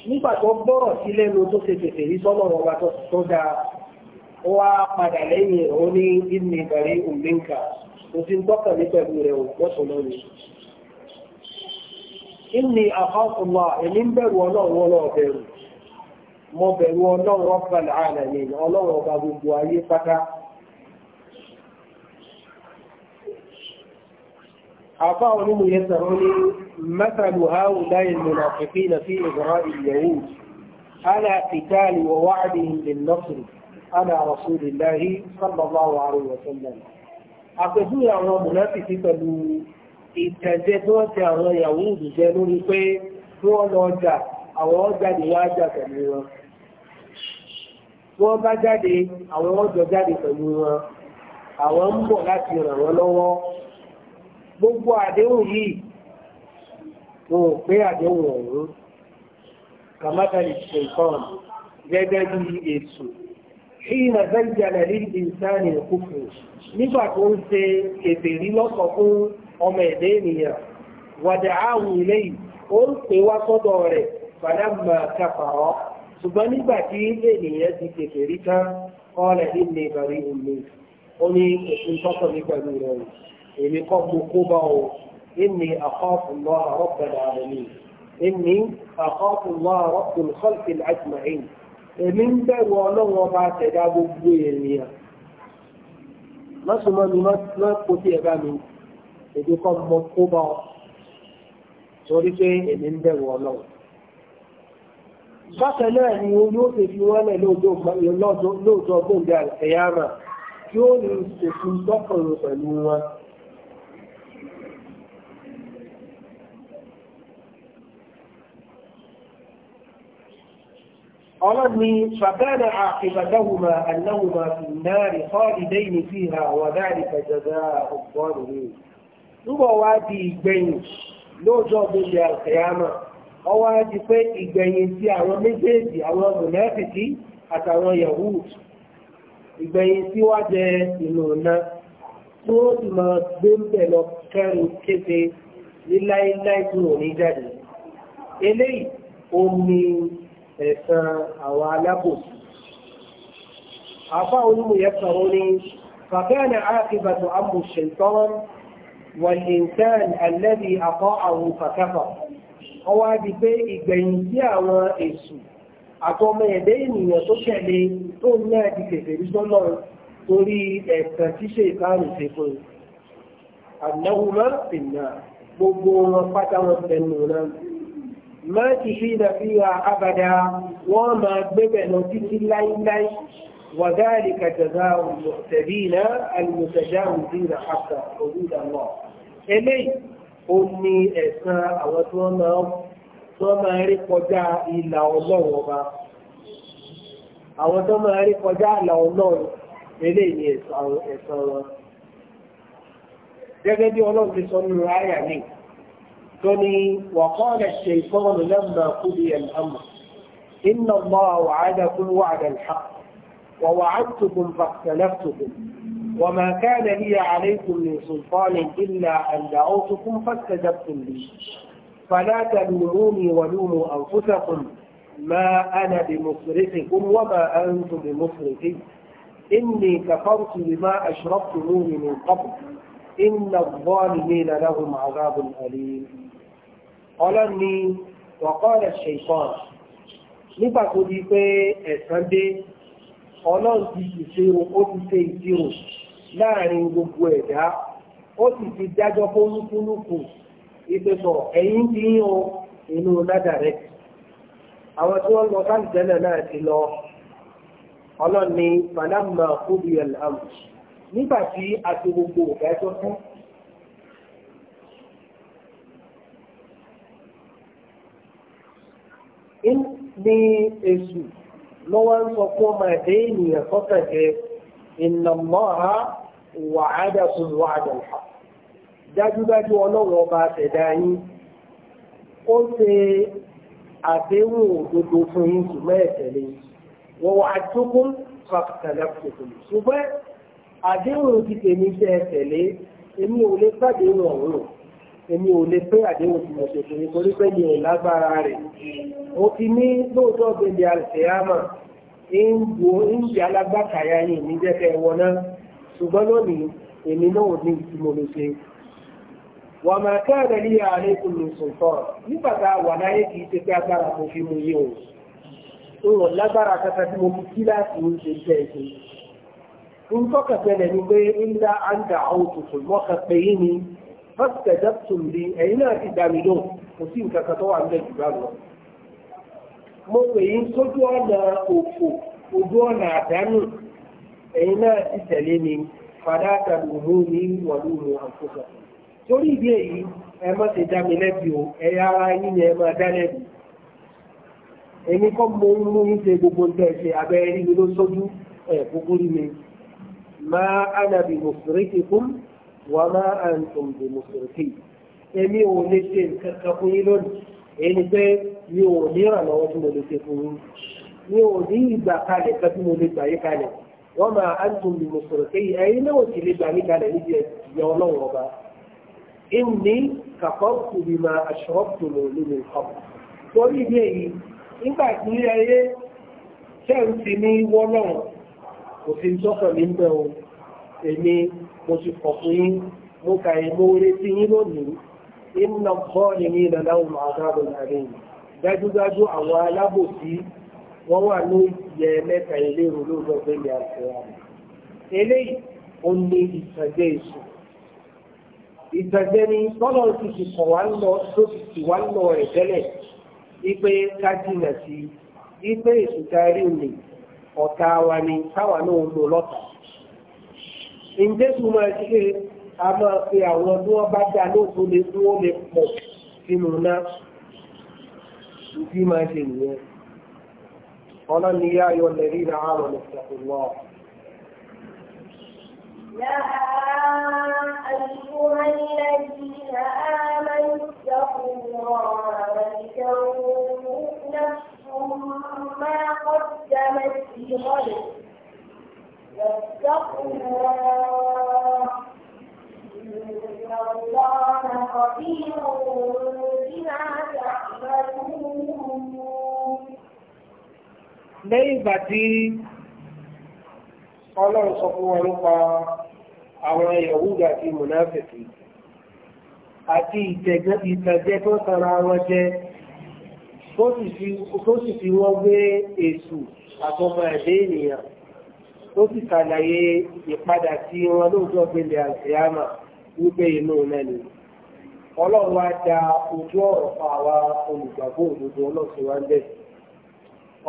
nígbà tó gbọ́rọ̀ sí lẹ́nu tó ṣe kèfèrí sọ́lọ́run ọba tó dáa wa wá padà lẹ́yìn ó ní ìní ìbẹ̀rẹ̀ òmìnkà kò sí gbọ́kàn ní pẹ̀lú rẹ̀ òpótò lónìí. ìní àkọ́kùnlá èmi ń bẹ̀rù ọlọ́run ọlọ́ọ̀bẹ̀rù mo bẹ̀rù ọlọ́run ọba gbogbo ayé pátá. على رسول الله صلى الله عليه وسلم àpẹ̀júwe àwọn mùnáfìkì pẹ̀lú ìtẹ̀jẹ́ tí wọ́n ti àwọn ìyàwó òdùjẹ lórí pé tí lọ ọjà àwọn ọjàde wá jà wọn bá jáde àwọn gbogbo àdéhùn yìí wọn ò pé àdéhùn kàmátàlì gẹ́gẹ́ bí حين زين للإنسان الكفر nígbà tó ń ṣe kèfèrí lọ́sọ̀ fún ọmọ ẹ̀dẹ́ ènìyàn wàdàáhùn ilé yìí ó ń pè wá sọ́dọ̀ rẹ̀ fàdámà kàfàrọ́ ṣùgbọ́n nígbà tí ènìyàn ti kèfèrí tán ọ̀rẹ́ ilé ìbàrí omi ó ní òfin tọ́kọ̀ ní pẹ̀lú rẹ̀ o èmi kọ́ mo kó bá o èmi àkọ́fù lọ́ àrọ́pẹ̀lẹ̀ àrẹ̀ mi èmi àkọ́fù lọ́ àrọ́pẹ̀lẹ̀ èmi ń bẹ̀rù ọlọ́run ọba àtẹ̀dá gbogbo ènìyàn lọ́sùnmọ́ mi lọ́ kó sí ẹ̀bá mi èdè kan mọ kó bá ọ torí pé èmi ń bẹ̀rù ọlọ́run. bákan náà ni yóò ṣe fi wọ́n lẹ̀ lóòótọ́ gbòǹde àyàmà tí ó ní ṣètò lọ́kùnrin pẹ̀lú wọn. أردني فكان عاقبتهما أنهما في النار خالدين فيها وذلك جزاء الظالمين Lúbọ̀ wá di ìgbẹ̀yìn lóòjọ́ gbogbo àkìyàmà, ọ wá di pé ìgbẹ̀yìn tí àwọn méjèèjì àwọn mùnáfìkì àtàwọn Yahud. Ìgbẹ̀yìn tí wá jẹ ìlú ọ̀nà tí ó sì máa gbé ń bẹ̀ lọ kẹrin kéte ní láíláí ní jáde. Eléyìí, ó ẹ̀san àwọn alábòsí. àfa onímọ̀yẹ sọ̀rọ̀ ni فكان عاقبة أمر الشيطان والإنسان الذي أطاعه فكفر ọwọ́ adi pé ìgbẹ̀yìn sí àwọn èṣù àtọmọ ẹ̀dẹ́ ènìyàn tó tẹ̀lé tó ní àti gbogbo wọn pátá wọn tẹnu náà máa ti fi ìdàfíà abàdá wọ́n máa gbébẹ̀ lọ títí láíláí وذلك جزاء المعتدين المتجاوزين حق حدود الله eléyìí ó ní ẹ̀san àwọn tí wọ́n máa tí wọ́n máa rí kọjá ìlà ọlọ́run ọba àwọn tó máa rí kọjá ìlà ọlọ́run eléyìí فني وقال الشيطان لما قضي الأمر إن الله وعدكم وعد الحق ووعدتكم فاختلفتكم وما كان لي عليكم من سلطان إلا أن دعوتكم فاستجبتم لي فلا تلوموني ولوموا أنفسكم ما أنا بمصرخكم وما أنتم بمصرخي إني كفرت بما أشركتموني من قبل إن الظالمين لهم عذاب أليم ọlọ́ni wọ̀kọ́rẹ̀ ṣẹ̀kọ́n nígbà tó di pé ẹ̀sán dé ọlọ́run ti ìṣirò ó ti ṣe ìṣirò láàrin gbogbo ẹ̀dá ó sì ti dájọ́ fólúkúlùkù ìpẹ́sọ̀ ẹ̀yìn tí ń yan inú ládàrẹ́ àwọn tí wọ́n lọ sáàlì tẹ́lẹ̀ náà ti lọ ọlọ́ni falamma kúbi ẹ̀lám nígbà tí a ti gbogbo ìdájọ́ fún ní èṣù lọ́wọ́ ń sọ fún ọmọ ẹ̀dẹ́ ènìyàn sọ́kàn jẹ́ ìnàmọ́ra wàhádà fún wàhádà ìhà dájúdájú ọlọ́run ọba àtẹ̀dá yín ó ṣe àdéhùn òdodo fún yín ṣùgbọ́n ẹ̀tẹ̀lé wọ́n wà tókún fàkàtàlẹ́kùnkùn ṣùgbọ́n àdéhùn ti tèmi ṣe èmi ò lè pàdéhùn ọ̀run èmi ò lè pé àdéhùn tí mo ṣe fún nítorí pé mi ò lágbára rẹ̀ ó ti ní lóòótọ́ gbèdé àṣeyámà ń jẹ́ alágbàkàyà yìí ní jẹ́kẹ́ wọná ṣùgbọ́n lónìí èmi náà ní tí mo lè ṣe wà máa kẹ́rẹ̀ ní ààrẹ kò lè sùnfọ́ nígbà tá a wà láyé kìí ṣe pé agbára mo fi mu yé o ń rọ̀ lágbára kata tí mo fi kíláàsì ń ṣe jẹ́ ẹ̀ṣin ń tọ́kẹ̀tẹ̀lẹ̀ ni pé ńlá àǹdà fásitẹ̀jẹ́ tún lè ẹ̀yìn náà ti dá mi lóhùn kò sí nǹkan kan tó wà nílẹ̀ jù báyìí lọ. mo pè yín sójú ọ̀nà òfò ojú ọ̀nà àdánù ẹ̀yìn náà ti tẹ̀lé mi fàdá tàbí mú mi wọ̀lú mi àkókò. torí ìdí èyí ẹ má ti dá mi lẹ́bi o ẹ̀yà ara yín ni ẹ máa dá lẹ́bi. èmi mo ń mú yín gbogbo ń tẹ̀ ṣe abẹ́rẹ́ rí mi ló sójú ẹ̀ kúkúrú mi. máa ánàbì mùsùlùmí wà má à ń tún bí mùsùlùmí èmi ò lè ṣe nǹkan kan fún yín lónìí èyí ni pé mi ò ní ìrànlọ́wọ́ tí mo lè ṣe fún yín mi ò ní ìgbà kalẹ̀ kan tí mo lè gbà yí kalẹ̀ wọ́n máa á bí mùsùlùmí ẹ̀yin náà ò sì lè gbà mí kalẹ̀ níbi ẹ̀yẹ ọlọ́run ọba ìní kàkọ́kù bí máa aṣọ́kù lòlú mi kọ́ torí ìdí èyí nígbà tí ayé ṣẹ́ǹtì ń tọ́kàn ní bẹ́ẹ̀ o mo ti kọ̀ fún yín mo kà ẹ̀ mo retí yín lónìí iná kọ́ ni ní ìlànà òun àdáàbò láàrin dájúdájú àwọn alábòsí wọ́n wà ní ìyẹ mẹ́ta ìlérò lóòjọ́ pé ní àṣẹwà eléyìí ó ní ìtàgé èso ìtàgé ni tọ́lọ̀ ti ti kọ̀ wá ń lọ tó ti ti wá ń lọ rẹ̀ tẹ́lẹ̀ ipe kájínà sí ipe èso tá rí òní ọ̀tá wa ni táwa náà ń lò lọ́tàá ìjésù máa ṣe a máa pe àwọn tí wọ́n bá dá lóòótọ́ lè tí wọ́n lè pọ̀ sínú náà ìdí máa ṣe nìyẹn ọlọ́ni yá ayọ̀ lẹ́rí ra àrùn ìṣẹ̀kùn náà. يا أيها الذين آمنوا اتقوا الله ولتنظر نفس ما قدمت واتقوا الله إن الله خبير بما تعملون lẹ́yìn ìgbà tí ọlọ́run sọ fún wọn nípa àwọn yahuda àti mùnáfẹ̀kì àti ìtẹ̀jẹ́ tó tara wọn jẹ tó sì fi wọ́n gbé èṣù àtọmọ ẹ̀dẹ́ ènìyàn ó sì ṣàlàyé ìpadà tí wọn lóòótọ́ gbélé àṣeyàmà wípé inú mẹ́ni. ọlọ́run wá da ojú ọ̀rọ̀ fún àwa olùgbàgbọ́ òdodo ọlọ́sìn wá ń bẹ̀.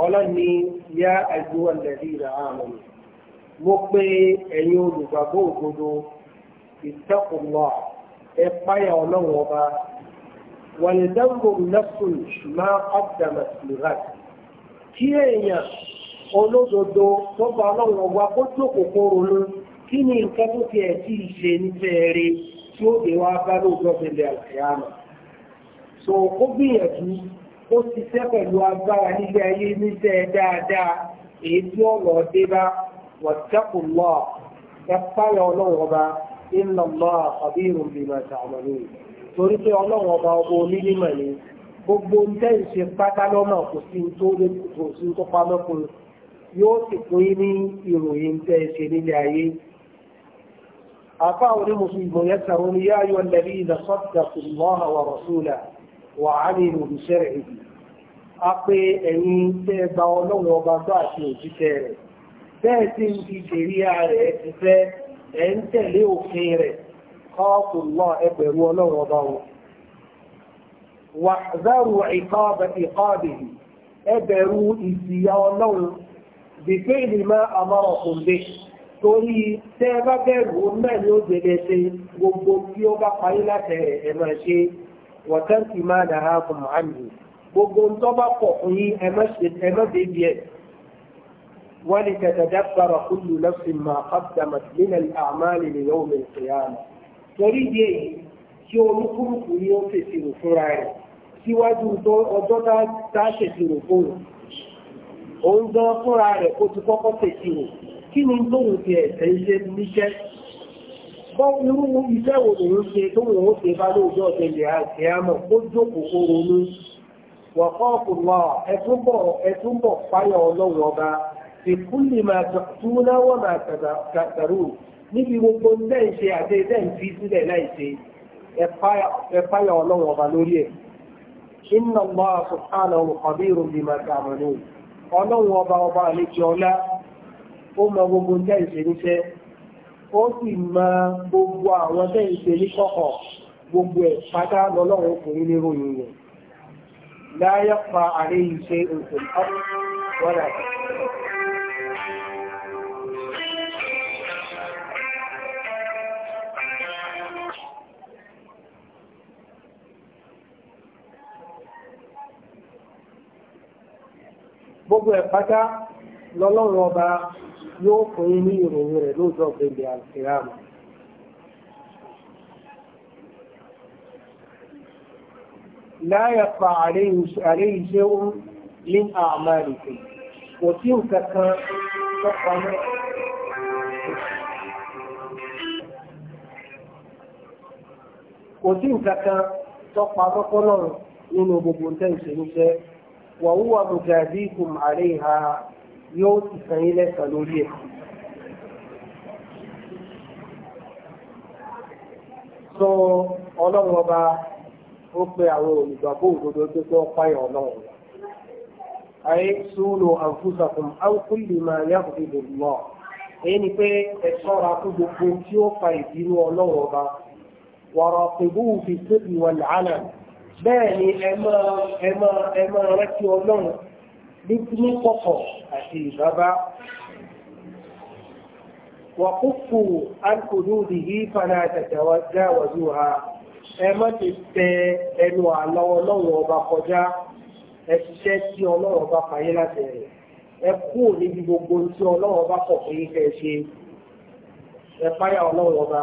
ọlọ́run ní yá àjùwọ̀n lẹ́bí ìlà àmọ́ mo pé ẹ̀yin olùgbàgbọ́ òdodo ìtẹ́kùnlọ́ ẹ páyà ọlọ́run ọba wàlẹ̀dẹ́gbò nẹ́fùn máa ọ̀dàmẹ̀sì rẹ̀ kí èèyàn olódodo tó bá ọlọ́run ọgbà kó jókòó ronú kí ni nǹkan tó ti ẹ̀ tí ì ṣe tí ó dé wá bá lóòjọ́ tẹ̀lé àlàyáàmà so ó gbìyànjú ó ṣiṣẹ́ pẹ̀lú agbára nílé ayé níṣẹ́ dáadáa èyí tí ó dé bá gbogbo ń tẹ́ ìṣe pátá lọ́nà kò sí tó yóò sì fún yín ní ìròyìn tẹ́ ẹ ṣe nílé ayé àfáà oní mùsùlùmí yẹn sàrò ní yá ayọ̀ lẹ́bí ìlà sọ́tà kùnmọ́ha wà rọ̀súlà wà á ní ìlú ìṣẹ́rẹ̀ ìlú a pé ẹ̀yin tẹ́ ẹ gba ọlọ́run ọba gbọ́ àti òjíṣẹ́ rẹ̀ bẹ́ẹ̀ sì ń fi ìṣèríyà rẹ̀ ti fẹ́ ẹ̀ ń tẹ̀lé òfin rẹ̀ kọ́ọ̀kù náà ẹgbẹ̀rún ọlọ́run ọba wọn wà zẹ́rù ìkọ́ ẹbẹ̀rún ìsìyà ọlọ́run bìfẹ́ ìlìmọ̀ àmọ́ràn kò lè torí tẹ́ ẹ bá bẹ̀rù náà ni ó jẹ́lẹ̀ ṣe gbogbo tí ó bá parí láti ẹ̀ máa ṣe wọ̀tẹ́ǹtì máa nà á fún àmì gbogbo ń bá pọ̀ fún yín ẹ bèbí ẹ̀. wọ́n lè tẹ̀tẹ̀dẹ́gbàrà kúlù lọ́sìn máa kọ́dàmà nílẹ̀ àmàlì ní yóò mi kìyàmù. torí ìdí èyí tí olúkúlùkù ni ó fèsì rò fúnra rẹ̀ síwájú ọjọ́ tá a ṣèṣirò fóònù òun gan fúnra rẹ̀ kó ti kọ́kọ́ tètè rò kí ni tóun ti ẹ̀sẹ̀ iṣẹ́ níṣẹ́ bọ́ irú iṣẹ́ wo lòun ṣe tóun ó ṣe bá lóòjọ́ ọ̀tẹ̀lẹ̀ àti àmọ̀ ó jókòó kó ronú wọ̀kọ́ọ̀kù lọ ẹ̀túnbọ̀ páyọ̀ ọlọ́run ọba fi kúlì máa túná wọ́n inna Allah subhanahu wa ta'ala khabirun bima ta'malun ọlọ́run ọba ọba àlejò ọlá ó mọ gbogbo tẹ́ ìṣe níṣẹ́ ó sì mọ gbogbo àwọn tẹ́ ìṣe ní kọ̀kọ̀ gbogbo ẹ̀ pátá lọ́lọ́run ọkùnrin ní ròyìn rẹ̀ láyé pa àlẹ́ ìṣe nǹkan ọ̀rọ̀ wọ́n dà gbogbo ẹ̀ pátá lọ́lọ́run ọba yóò fún yín ní ìròyìn rẹ̀ lóòótọ́ gbèndé àlùkìyàmù. لا يقع عليه عليه شيء من أعمالكم وتلك تقامة kò sí nǹkan kan tó pa mọ́kọ́ lọ́rùn nínú gbogbo nǹkan ìṣèlú wà wúwà mùjáde kùm àríhà yóò ti san yín lẹ́san lórí ẹ̀. sọ ọlọ́run ọba ó pe àwọn olùgbàgbọ́ òdodo tó tó páyọ̀ ọlọ́run. ayé sùúrù àǹfùsàkùn áńkúlì máa yàgò ìdòdò náà èyí ni pé ẹ ṣọ́ra fún gbogbo tí ó fa ọlọ́run ọba wàrà pẹ̀lú òfin bẹ́ẹ̀ ni ẹ máa rántí ọlọ́run ní kọ̀kọ̀ àti ìbábá wàkúkù alkùnúdìí fana àtàtàwájá wàjú ha ẹ má ti tẹ ẹnu àlọ́ ọlọ́run ọba kọjá ẹ ṣiṣẹ́ tí ọlọ́run ọba fàyè láti ẹ kú níbi gbogbo tí ọlọ́run ọba kọ̀ pé kẹ́ ṣe ẹ fáyà ọlọ́run ọba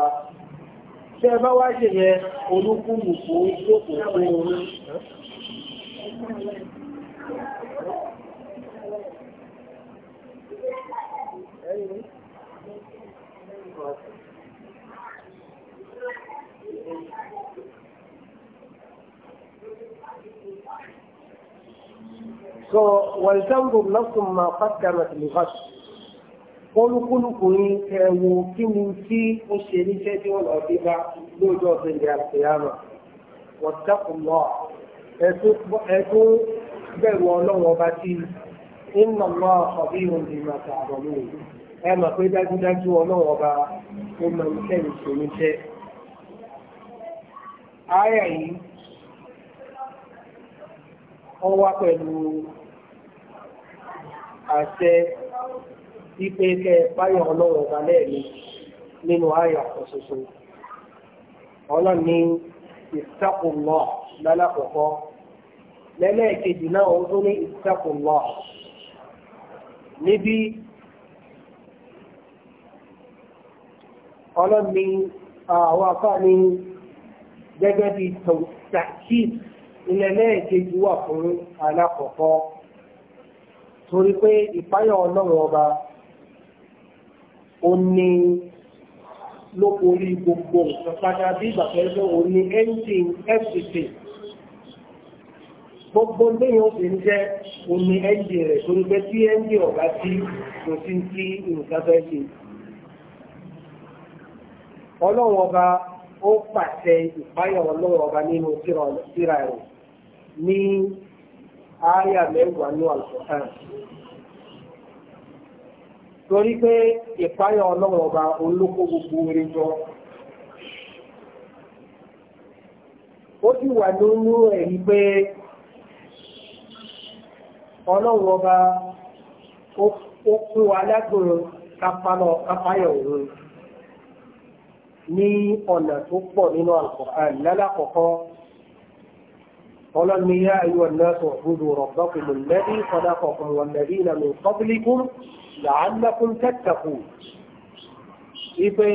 tẹ́ bá wá ṣe yẹ olúkúlùkù lókò fún orí So, ولتنظر نفس ما قدمت لغد olúkúlùkù ní ẹ̀wù kí ni tí ó ṣe níṣẹ́ tí wọ́n lọ sí bá lóòjọ́ ìṣẹ̀lẹ̀ àṣeyàmà wọ́tẹ́kùnlọ́ ẹ̀tọ́ bẹ̀rù ọlọ́run ọba tí iná lọ ọ̀bí ìhùn ní màtà àbọ̀mù ẹ mà pé dájúdájú ọlọ́run ọba ó mọ iṣẹ́ ìṣe níṣẹ́. Ààyè yìí ọ pẹ̀lú àṣẹ wípé kẹ páyọ̀ ọlọ́run ọba lẹ́ẹ̀mí nínú àyà ọ̀ṣoṣo ọlọ́run ní ìtàkùnlọ́ lálàkọ̀kọ́ lẹ́lẹ́ẹ̀kejì náà ó tún ní ìtàkùnlọ́ níbi ọlọ́run ní àwọn afá ní gẹ́gẹ́ bí tàkìb ìlẹ́lẹ́ẹ̀kejì wà fún alákọ̀ọ́kọ́ torí pé ìpáyọ̀ ọlọ́run ọba ó ní ló borí gbogbo nǹkan padà bí ìgbà pẹ́lú ó ní engine fct gbogbo lẹ́yìn òfin jẹ́ ó ní engine rẹ̀ torí pé tí engine ọ̀gá tí kò sí sí nǹkan ọlọ́run ọba ó pàṣẹ ìpáyọ̀ ọlọ́run ọba nínú síra rẹ̀ ní ááyà mẹ́wàá ní àlùfáà torí pé ìpáyọ̀ ọlọ́run ọba olóko gbogbo orí jọ ó sì wà lórí ẹ̀rí pé ọlọ́run ọba ó kún wa lágbòrò kápáyọ̀ òun ní ọ̀nà tó pọ̀ nínú àkọ́kọ́ ọlọ́ni yá ayú ọ̀nàṣọ̀ òfúdù rọ̀bọ́kùnmù lẹ́bí sọ́dákọ̀kùn wọn lẹ́bí na mi kọ́bílíkùn làálẹ́kùn tẹ́tẹ̀kù ipe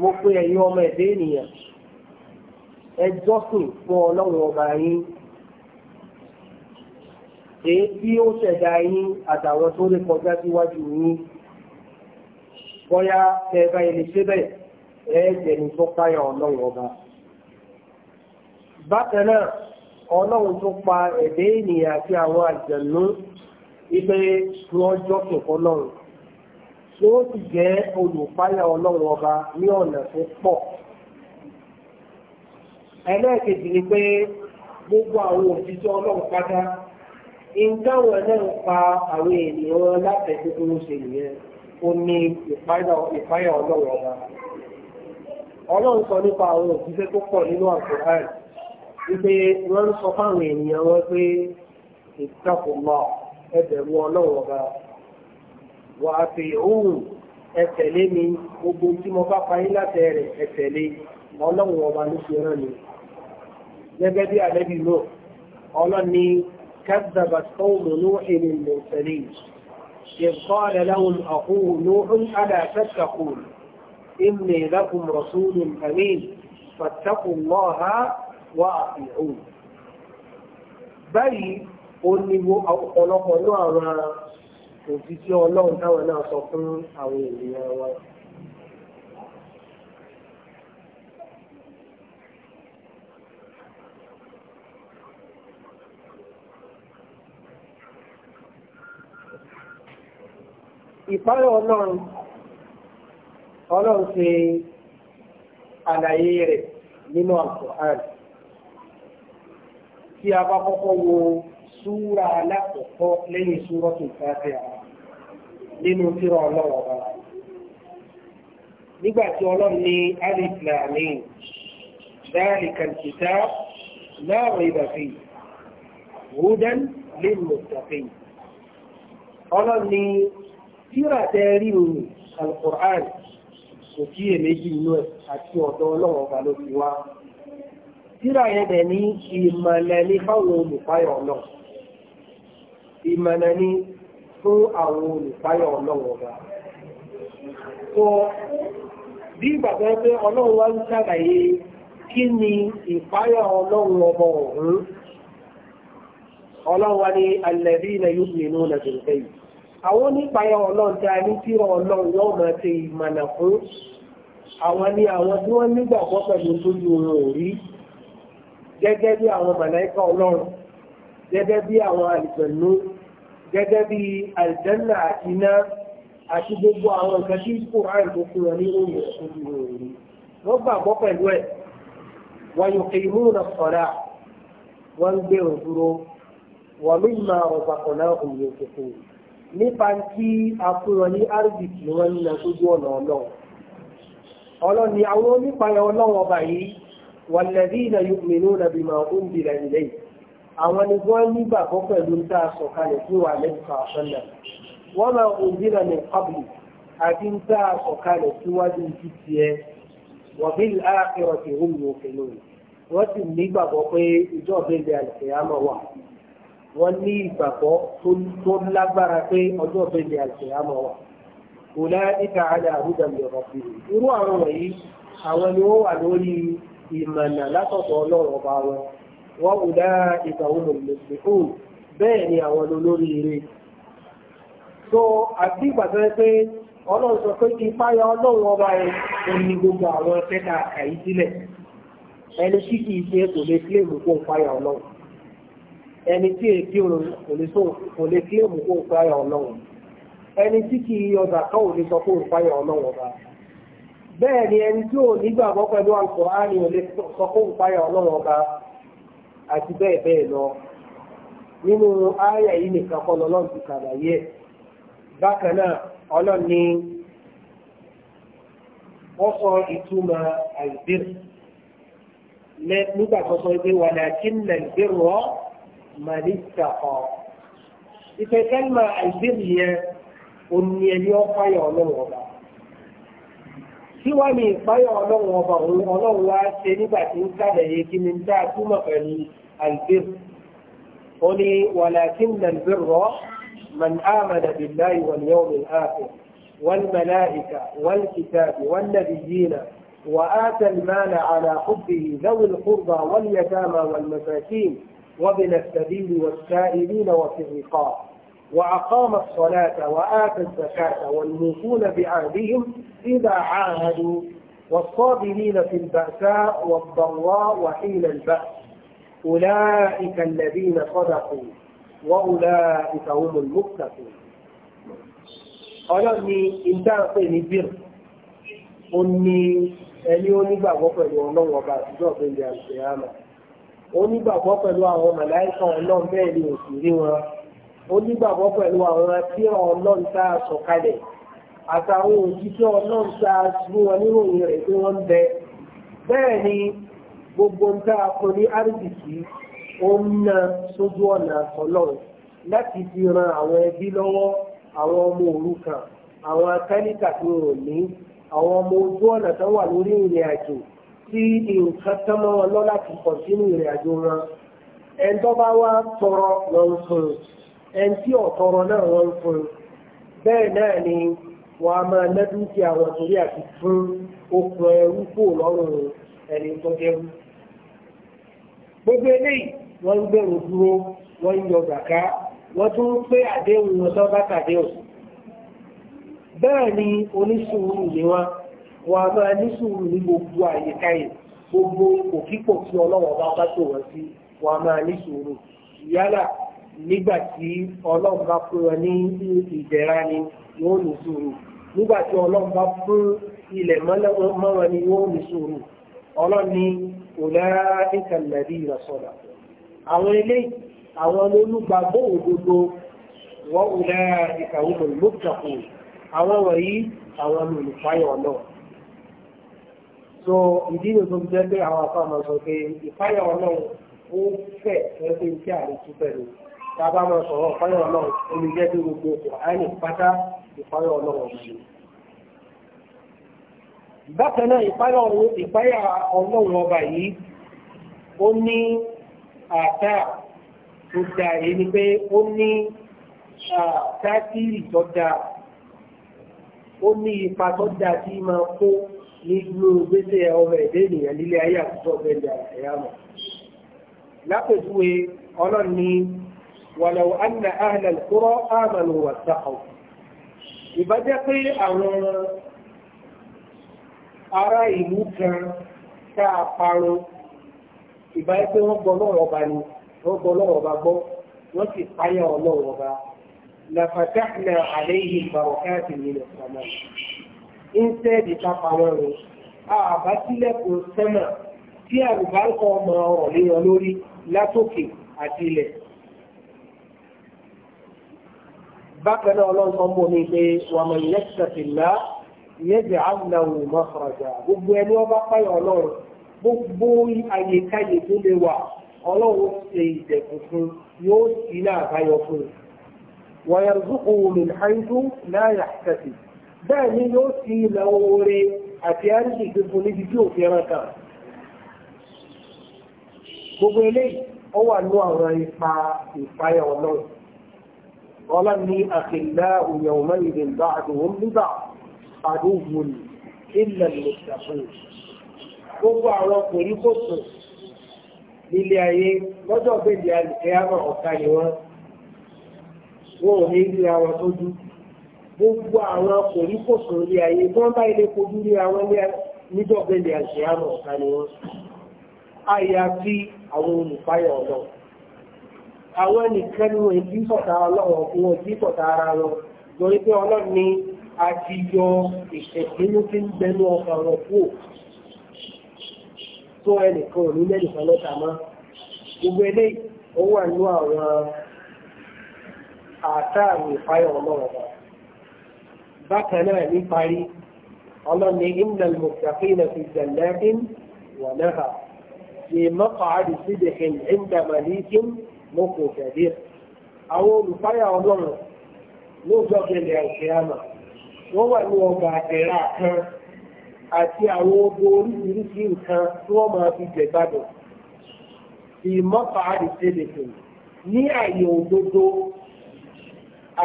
mo pe ẹ̀yin ọmọ ẹ̀dẹ́ ènìyàn ẹ jọ́sìn fún ọlọ́run ọba yín èyí tí ó ṣẹ̀dá yín àtàwọn tó lè kọjá síwájú yín bóyá ẹ ilé ṣe bẹ́ẹ̀ tó káyà ọlọ́run ọba bákan náà ọlọ́run tó pa ẹ̀dẹ́ ènìyàn àti àwọn àjẹ̀nú ipe tí wọ́n jọ́sìn tí ó sì jẹ́ olùpáyà ọlọ́run ọba ní ọ̀nà tó pọ̀. ẹlẹ́ẹ̀kejì ni pé gbogbo àwọn òṣìṣẹ́ ọlọ́run pátá ìdáwọn náà pa àwọn ènìyàn látẹ̀sí tó ṣe nìyẹn ó ní ìpáyà ọlọ́run ọba. ọlọ́run sọ nípa àwọn òṣìṣẹ́ tó pọ̀ nínú àkùrán wípé wọ́n ń sọ fáwọn ènìyàn wọn pé ìtàkùnmọ̀ ẹbẹ̀rù ọlọ́run ọba wà á fi òun ẹtẹ̀lé mi gbogbo tí mo bá parí láti rẹ̀ ẹtẹ̀lé ọlọ́run ọba ló ṣe rán mi. gẹ́gẹ́ bí àlẹ́bí náà ọlọ́run ní kẹ́sìdàbà tó ń lò ní ìrìn mọ̀tẹ́lẹ̀ إذ قال لهم أخوه نوح ألا تتقون إني لكم رسول أمين فاتقوا الله wá àfihàn báyìí ó ní ọ̀pọ̀lọpọ̀ ní àwọn òṣìṣẹ́ ọlọ́run táwọn náà sọ fún àwọn ènìyàn wa. ìpáyọ̀ ọlọ́run ọlọ́run ṣe àlàyé rẹ̀ nínú Al-Qur'an àrùn tí a bá kọ́kọ́ wo súra alákọ̀ọ́kọ́ lẹ́yìn súra tó fàáfẹ́ àwọn nínú tíra ọlọ́wọ́ bá. Nígbà tí ọlọ́run ní alif láàmín dhalika al-kitab la rayba fihi hudan lil-muttaqin. Ọlọ́run ní tíra tẹ́ rí òun al-Qur'an kò kíyèméjì inú ẹ̀ àti ọ̀dọ̀ ọlọ́wọ́ bá ló fi wá tíra yẹn dẹ̀ ní ìmọ̀lẹ̀ ní fáwọn olùpáyọ̀ náà ìmọ̀lẹ̀ ní fún àwọn olùpáyọ̀ ọlọ́wọ̀ bá so bí ìgbàgbọ́ pé ọlọ́run wá ń ṣàlàyé kí ni ìpáyọ̀ ọlọ́run ọmọ ọ̀hún ọlọ́run wá ní alẹ́bí ilẹ̀ yóò nínú nàìjíríà yìí àwọn onípayọ̀ ọlọ́run tí a ní tíra ọlọ́run yóò máa ṣe ìmọ̀nà fún àwọn ni àwọn tí wọ́n nígbàgbọ́ pẹ̀lú tó ju oorun gẹ́gẹ́ bí àwọn màláíkà ọlọ́run gẹ́gẹ́ bí àwọn àlùjànnú gẹ́gẹ́ bí àlùjánnà àti iná àti gbogbo àwọn nǹkan tí kò ráì tó fún wọn ní òyìn ẹ̀kọ́ ti wọ̀ rí wọ́n gbàgbọ́ pẹ̀lú ẹ̀ wọ́n yóò fi mú un sọ̀rọ̀ wọ́n ń gbé òun dúró wọ́n mí máa ọ̀gbà kan náà òun yóò fi fún un nípa tí a fún wọn ní rbc wọn ní ọjọ́ ọ̀nà ọlọ́run ọlọ́run ni àwọn onípayọ̀ ọlọ́run ọba yìí والذين يؤمنون بما أنزل إليه àwọn ni wọ́n nígbàgbọ́ pẹ̀lú tá a sọ̀kalẹ̀ fún wa lẹ́yìnká ọ̀sánà wọ́n máa òǹdíra ní pabli àti ń tá a sọ̀kalẹ̀ síwájú ti tiẹ̀ wọ́n bí láàkìrọ̀ tí ó ń lò pẹ̀lú wọ́n sì nígbàgbọ́ pé ìjọ bẹ́ẹ̀ àlùkìyámà wà wọ́n ní ìgbàgbọ́ tó lágbára pé ọjọ́ bẹ́ẹ̀ àlùkìyámà wà kò láyé ìka àdá àrùdàmì ọ̀rọ̀ ìmọ̀nà látọ̀tọ̀ ọlọ́run ọba wọn wọ́n kò dá ìtàwọn olùsìnkún bẹ́ẹ̀ ni àwọn olórí ire so àti ìgbàgbọ́ pé ọlọ́run sọ pé kí fáyà ọlọ́run ọba ẹ òní gbogbo àwọn ẹ̀ka àyí sílẹ̀ ẹni tí kìí ṣe kò lè kílèmù kó fáyà ọlọ́run ẹni tí èké òun kò lè kílèmù kó fáyà ọlọ́run ẹni tí kìí ọjà kan ò lè sọ kó fáyà ọlọ́run ọba bẹ́ẹ̀ ni ẹni tí ò nígbàgbọ́ pẹ̀lú Al-Kùránì ò lè sọ fún ìpáyà ọlọ́run ọba àti bẹ́ẹ̀ bẹ́ẹ̀ lọ nínú ááyà yìí nìkan kọ́ lọ́lọ́run ti kàlàyé ẹ̀ bákan náà ọlọ́run ni wọ́n sọ ìtumọ̀ àìbírù nígbà tó sọ pé wà láti nà ìbírù ọ́ mà ní ìtàkọ́ ìfẹ́ kẹ́lìmọ̀ àìbírù yẹn ò ní ẹni ọ́ fáyà ọlọ́run ọba. tí wọ́n ní ìpáyọ̀ ọlọ́run ọba òun ọlọ́run wá ṣe nígbà tí ń sàlàyé kí ni dá túmọ̀ pẹ̀lú albir ó ní wàlàkín nàìjíríà من آمن بالله واليوم الآخر والملائكة والكتاب والنبيين وآتى المال على حبه ذوي القربى واليتامى والمساكين وبن السبيل والسائلين وفي الرقاب وأقام الصلاة وآتى الزكاة والموفون بعهدهم إذا عاهدوا والصابرين في البأساء والضراء وحين البأس أولئك الذين صدقوا وأولئك هم المتقون ọlọ́run ni ìdáǹpé ní bíl ó ní ẹni onígbàgbọ́ pẹ̀lú ọlọ́run ọba àtijọ́ ọ̀gbẹ́lẹ̀ àti àmà onígbàgbọ́ pẹ̀lú àwọn màláìkà ọlọ́run bẹ́ẹ̀ ni òsì rí malaika olorun bee ni osi won onígbàgbọ́ pẹ̀lú àwọn tíra ọlọ́run tá a sọ kalẹ̀ àtàwọn òjíṣẹ́ ọlọ́run tá a fún wọn níròyìn rẹ̀ tí wọ́n ń bẹ bẹ́ẹ̀ ni gbogbo ń tá a fún ní rbc ó ń na sójú ọ̀nà ọlọ́run láti fi ran àwọn ẹbí lọ́wọ́ àwọn ọmọ òrukàn àwọn akẹ́líkà tó rò ní àwọn ọmọ ojú ọ̀nà tó wà lórí ìrìn àjò tí nǹkan tán mọ́ wọn lọ láti pọ̀ sínú ìrìn àjò wọn ẹ̀ńtọ́ bá wá tọrọ lọ́nfọ̀ọ́ ẹni ọtọrọ náà wọ́n fún un bẹ́ẹ̀ náà ni wọ́n á máa lẹ́dú sí àwọn torí àti fún okùn ẹrú kò lọ́rùn ẹni tó dẹ́rú. gbogbo eléyìí wọ́n ń gbẹ̀rù dúró wọ́n ń yọ gàká wọ́n tún ń pé àdéhùn wọn tó bá tàdéhùn. bẹ́ẹ̀ ni onísùúrù ni wọ́n wọ́n á máa ní ní gbogbo àyíká yìí gbogbo òkípò tí ọlọ́wọ́ bá bá tò wọ́n sí wọ́n máa ní yálà nígbà tí ọlọ́run bá fún wọn ní ìdẹ̀ra ni wọ́n ní sùúrù nígbà tí ọlọ́run bá fún ilẹ̀ mọ́ wọn ni wọ́n ní sùúrù ọlọ́run ní ulaika alladhina sadaqu àwọn ilé àwọn olólùgbàgbọ́ òdodo wọ́n ulaika humul muttaqun àwọn wọ̀nyí àwọn olùfáyọ̀ náà so ìdí ni tó jẹ́ pé àwọn afáàmọ̀ sọ pé ìfáyọ̀ náà ó fẹ̀ fẹ́ pé iṣẹ́ àrètú pẹ̀lú tábà máa sọ̀rọ̀ ìfáyọ̀ ọlọ́run omi jẹ́ bí gbogbo Kùránì pátá ìfáyọ̀ ọlọ́run ṣe. bákan náà ìfáyọ̀ ọlọ́run ọba yìí ó ní àtà tó da èyí ni pé ó ní tátìrì tó da ó ní ipa tó da tí máa kó nínú gbèsè ọmọ ẹ̀dẹ́ ènìyàn nílé ayé àtijọ́ bẹ́ẹ̀ ni àyà ọlọ́run ní ولو أن أهل القرى آمنوا واتقوا ìbájẹ́ pé àwọn ará ìlú kan tá a parun ìbájẹ́ pé wọ́n gbọ́ lọ́wọ́ ọba ni wọ́n gbọ́ lọ́wọ́ ọba gbọ́ wọ́n sì páyà ọlọ́wọ́ ọba lafatahna alayhi barakati min as-sama instead ìta pamọ́ rẹ̀ àbá sílẹ̀kùn sẹ́mà tí àlùbáríkọ ọmọ ọ̀rọ̀ lé wọn lórí látòkè àti ilẹ̀. bákan náà ọlọ́run sọ mọ́ mi pé wàá mọ̀ yẹ́sẹ̀tìlá yẹ́sẹ̀ àwùnáwò mọ́fàràjà gbogbo ẹni ọba páyọ̀ ọlọ́run gbogbo àyèkáyè tó lè wà ọlọ́run ṣe ìdẹ̀kùn fún yóò sí náà báyọ̀ fún un. wàyàrùzùkù min haidu náà yàtẹ̀sì bẹ́ẹ̀ ni yóò sí ilẹ̀ oore àti àríṣì gbogbo níbi tí òfin ẹran kan. gbogbo eléyìí ó wà ní àwọn ipa ìpáyà ọlọ́run. ظلمني أخلاء يومئذ بعدهم لبعض عدو إلا المتقين gbogbo àwọn ọkùnrin kò sùn nílé ayé lọ́jọ́ gbèdé àlùkẹ́yàmọ̀ ọ̀ka ni wọ́n wọn ò ní ilé àwọn tó dú gbogbo àwọn ọkùnrin kò sùn nílé ayé wọ́n bá ilé kojú ní àwọn níjọ́ gbèdé àlùkẹ́yàmọ̀ ọ̀ka ni wọ́n àyàfi àwọn olùpáyọ̀ ọlọ́run àwọn ẹnìkan ni wọ́n ti sọ̀tà ọlọ́wọ́ wọ́n ti sọ̀tà ara wọn lórí pé ọlọ́run ni a ti yọ ìṣẹ̀bínú tí ń bẹnu ọkàn wọn kú tó ẹnìkan ò ní lẹ́nìkan lọ́ta mọ́ gbogbo eléyìí ó wà nínú àwọn àtàrí ìfáyọ̀ ọlọ́run náà bákan náà ní parí ọlọ́run ni innal muttaqina fi jannatin wa nahar fi maq'adi موقف كبير àwọn olùfáyà ọlọ́run lóòjọ́ bẹ̀rẹ̀ ọ̀sẹ̀ àmà wọ́n wà ní ọgbà àtẹ̀rà kan àti àwọn ogun oríṣiríṣi nǹkan tí wọ́n máa fi jẹ̀gbádùn fi mọ́fà àdìsẹ́lẹ̀kùn ní àyè òdodo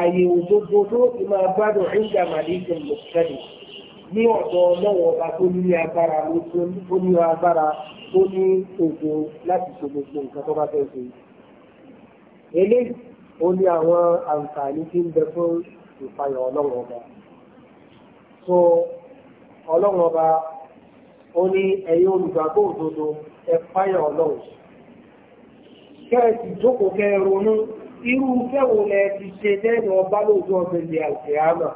àyè òdodo tó ti máa gbádùn ẹ̀ńdà màlẹ́kùn mọ̀sẹ́lẹ̀ ní ọ̀dọ̀ ọlọ́wọ́ ọba tó ní agbára ló tó ní agbára tó ní ògo láti ṣe gbogbo nǹkan tó bá fẹ́ ṣe yìí eléyìí ó ní àwọn àǹfààní tí ń bẹ fún ìfàyà ọlọ́run ọba so ọlọ́run ọba ó ní ẹ̀yin olùgbàgbọ́ òdodo ẹ fàyà ọlọ́run kẹ́ẹ̀sì jókòó kẹ́ ronú irú kẹ́wò lẹ ti ṣe tẹ́ẹ̀nù ọba lóòjọ́ ọ̀gbẹ̀lẹ̀ àti àmà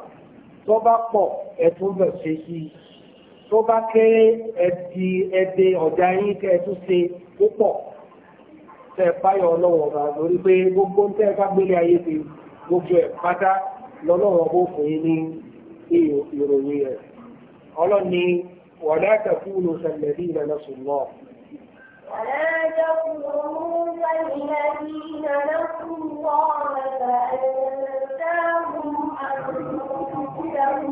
tó bá pọ̀ ẹ̀tún bẹ̀ ṣe sí i tó bá kéré ẹ̀dì ẹ̀dẹ̀ ọ̀dà yín kẹ́ẹ̀tún ṣe púpọ̀ tẹ́ báyọ̀ ọlọ́wọ̀n ọba lórí pé gbogbo ń tẹ́ bá gbélé ayé ti gbogbo ẹ̀ pátá lọ́lọ́wọ̀n bó fún yín ní ìròyìn rẹ̀ ọlọ́ni wọ̀lá tẹ̀kúlù sẹ̀lẹ̀dí ìrẹ̀lẹ̀ sùn náà. ولا تكونوا كالذين نسوا الله فأنساهم أنفسهم أولئك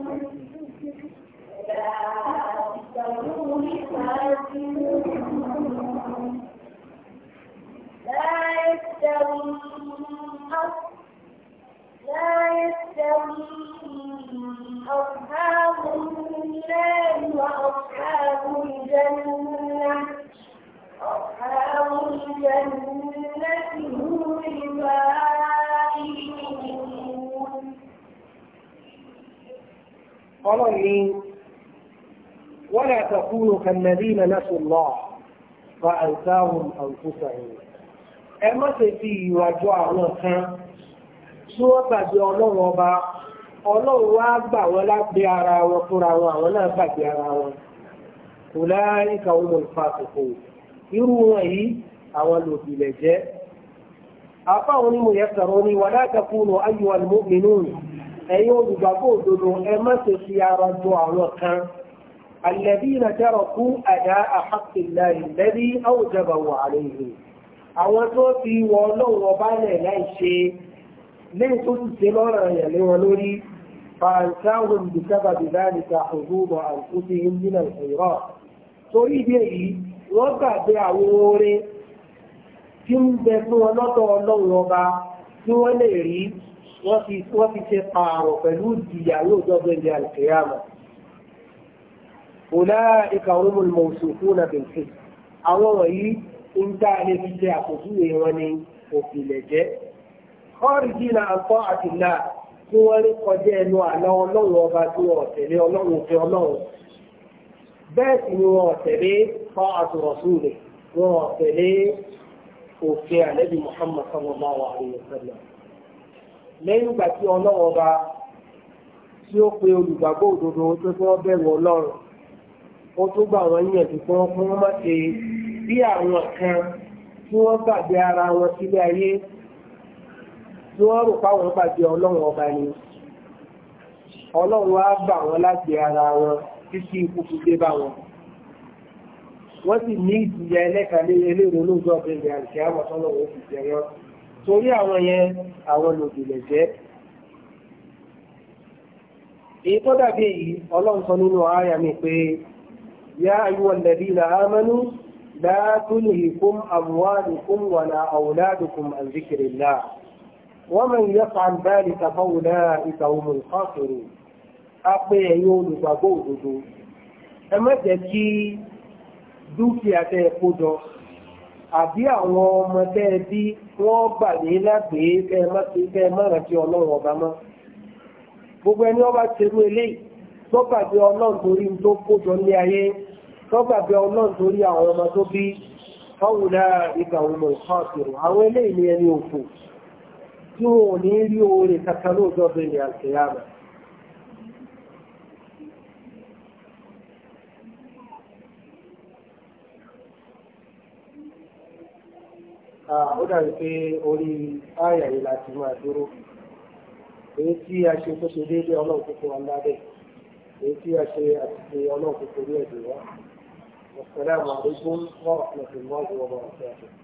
هم الفاسقون لا أصحاب وأصحاب الجنة أصحاب الجنة هم ولا تكونوا كالذين نسوا الله فأنساهم أنفسهم ẹ má ṣe fi ìwà àwọn kan tí wọ́n gbàgbé ọlọ́run ọba ọlọ́run wá gbà wọ́n lágbé ara wọn fúnra wọn àwọn náà gbàgbé ara wọn kò láàárín káwọn ọmọ ìfà àkókò irú wọn yìí àwọn lòbìlẹ̀ jẹ́ apá àwọn onímọ̀ yẹn sọ̀rọ̀ ni wà látàkù nù ayọ̀ àlùmọ́bìnú ẹ̀yin olùgbàgbọ́ òdodo ẹ má ṣe fi ara jọ àwọn kan alẹ́bí ìrìnàjò àrọ̀kú àdá àhàkìlá ìlẹ́bí wà àwọn tó ti wọ ọlọ́run ọba lẹ̀ láì ṣe lẹ́yìn tó ti ṣe lọ́rọ̀ ẹ̀yàn lé wọn lórí fàǹtáhùn bìsábàbí láàrínkà òhúrò àǹkúsí ìjìnà ìrọ̀ torí ìdí èyí wọ́n gbàgbé àwọn oore tí ń bẹ fún wọn lọ́tọ̀ ọlọ́run ọba tí wọ́n lè rí wọ́n ti ṣe pààrọ̀ pẹ̀lú ìdìyà lóòjọ́ gbẹ̀lẹ̀ àlùkìyàmọ̀. Òlá ìkàwọn mọ̀ọ́sùn fún àbẹ̀fẹ̀. Àwọn wọ̀nyí ń tá a lè fi ṣe àpòjúwe wọn ni òfìlẹ̀ jẹ́ kọ́ọ̀rìjì na àǹkọ́ àtìlá tí wọ́n rí kọjá ẹnu àlọ́ ọlọ́run ọba tí wọ́n tẹ̀lé sì ni òfin Muhammad ìgbà tí ọba tí ó pe òdodo tó ó tún gbà sí àwọn kan tí wọ́n gbàgbé ara wọn sílé ayé tí wọ́n rò páwọn gbàgbé ọlọ́run ọba ni ọlọ́run á bà wọ́n lágbé ara wọn títí ikú fi dé bá wọn wọ́n sì ní ìjìyà ẹlẹ́kàlẹ́ eléèrè olóòjọ́ ọ̀bẹ̀rẹ̀ àti àwọn tọ́lọ́wọ́ fi jẹ wọn torí àwọn yẹn àwọn lòdìlẹ̀ jẹ́ èyí tó dàbí èyí ọlọ́run sọ nínú ààyà mi pé yá ayúwọ̀n lẹ́bí là á لا تلهكم أموالكم ولا أولادكم عن ذكر الله ومن يفعل ذلك فأولئك هم الخاسرون أقوى يوم فقودوا أما تجي dúkìá tẹ́ kó jọ àbí àwọn ọmọ tẹ́ bí wọ́n bà ní lágbèé tẹ́ mọ́ràn tí ọlọ́run ọba mọ́ gbogbo ẹni ọba ṣerú eléyìí tó pàdé ọlọ́run torí tó kó ní ayé tọ́gbàgbé ọlọ́run torí àwọn ọmọ tó bí fọ́wùlá ìgbà ọmọ àwọn ilé ìní ẹni òfò tí wọn ní rí oore kàkà lóòjọ́ bẹ̀rẹ̀ àṣeyàmà ó èyí tí a ṣe àti ṣe orí ẹ̀dùn wá. Parce qu'à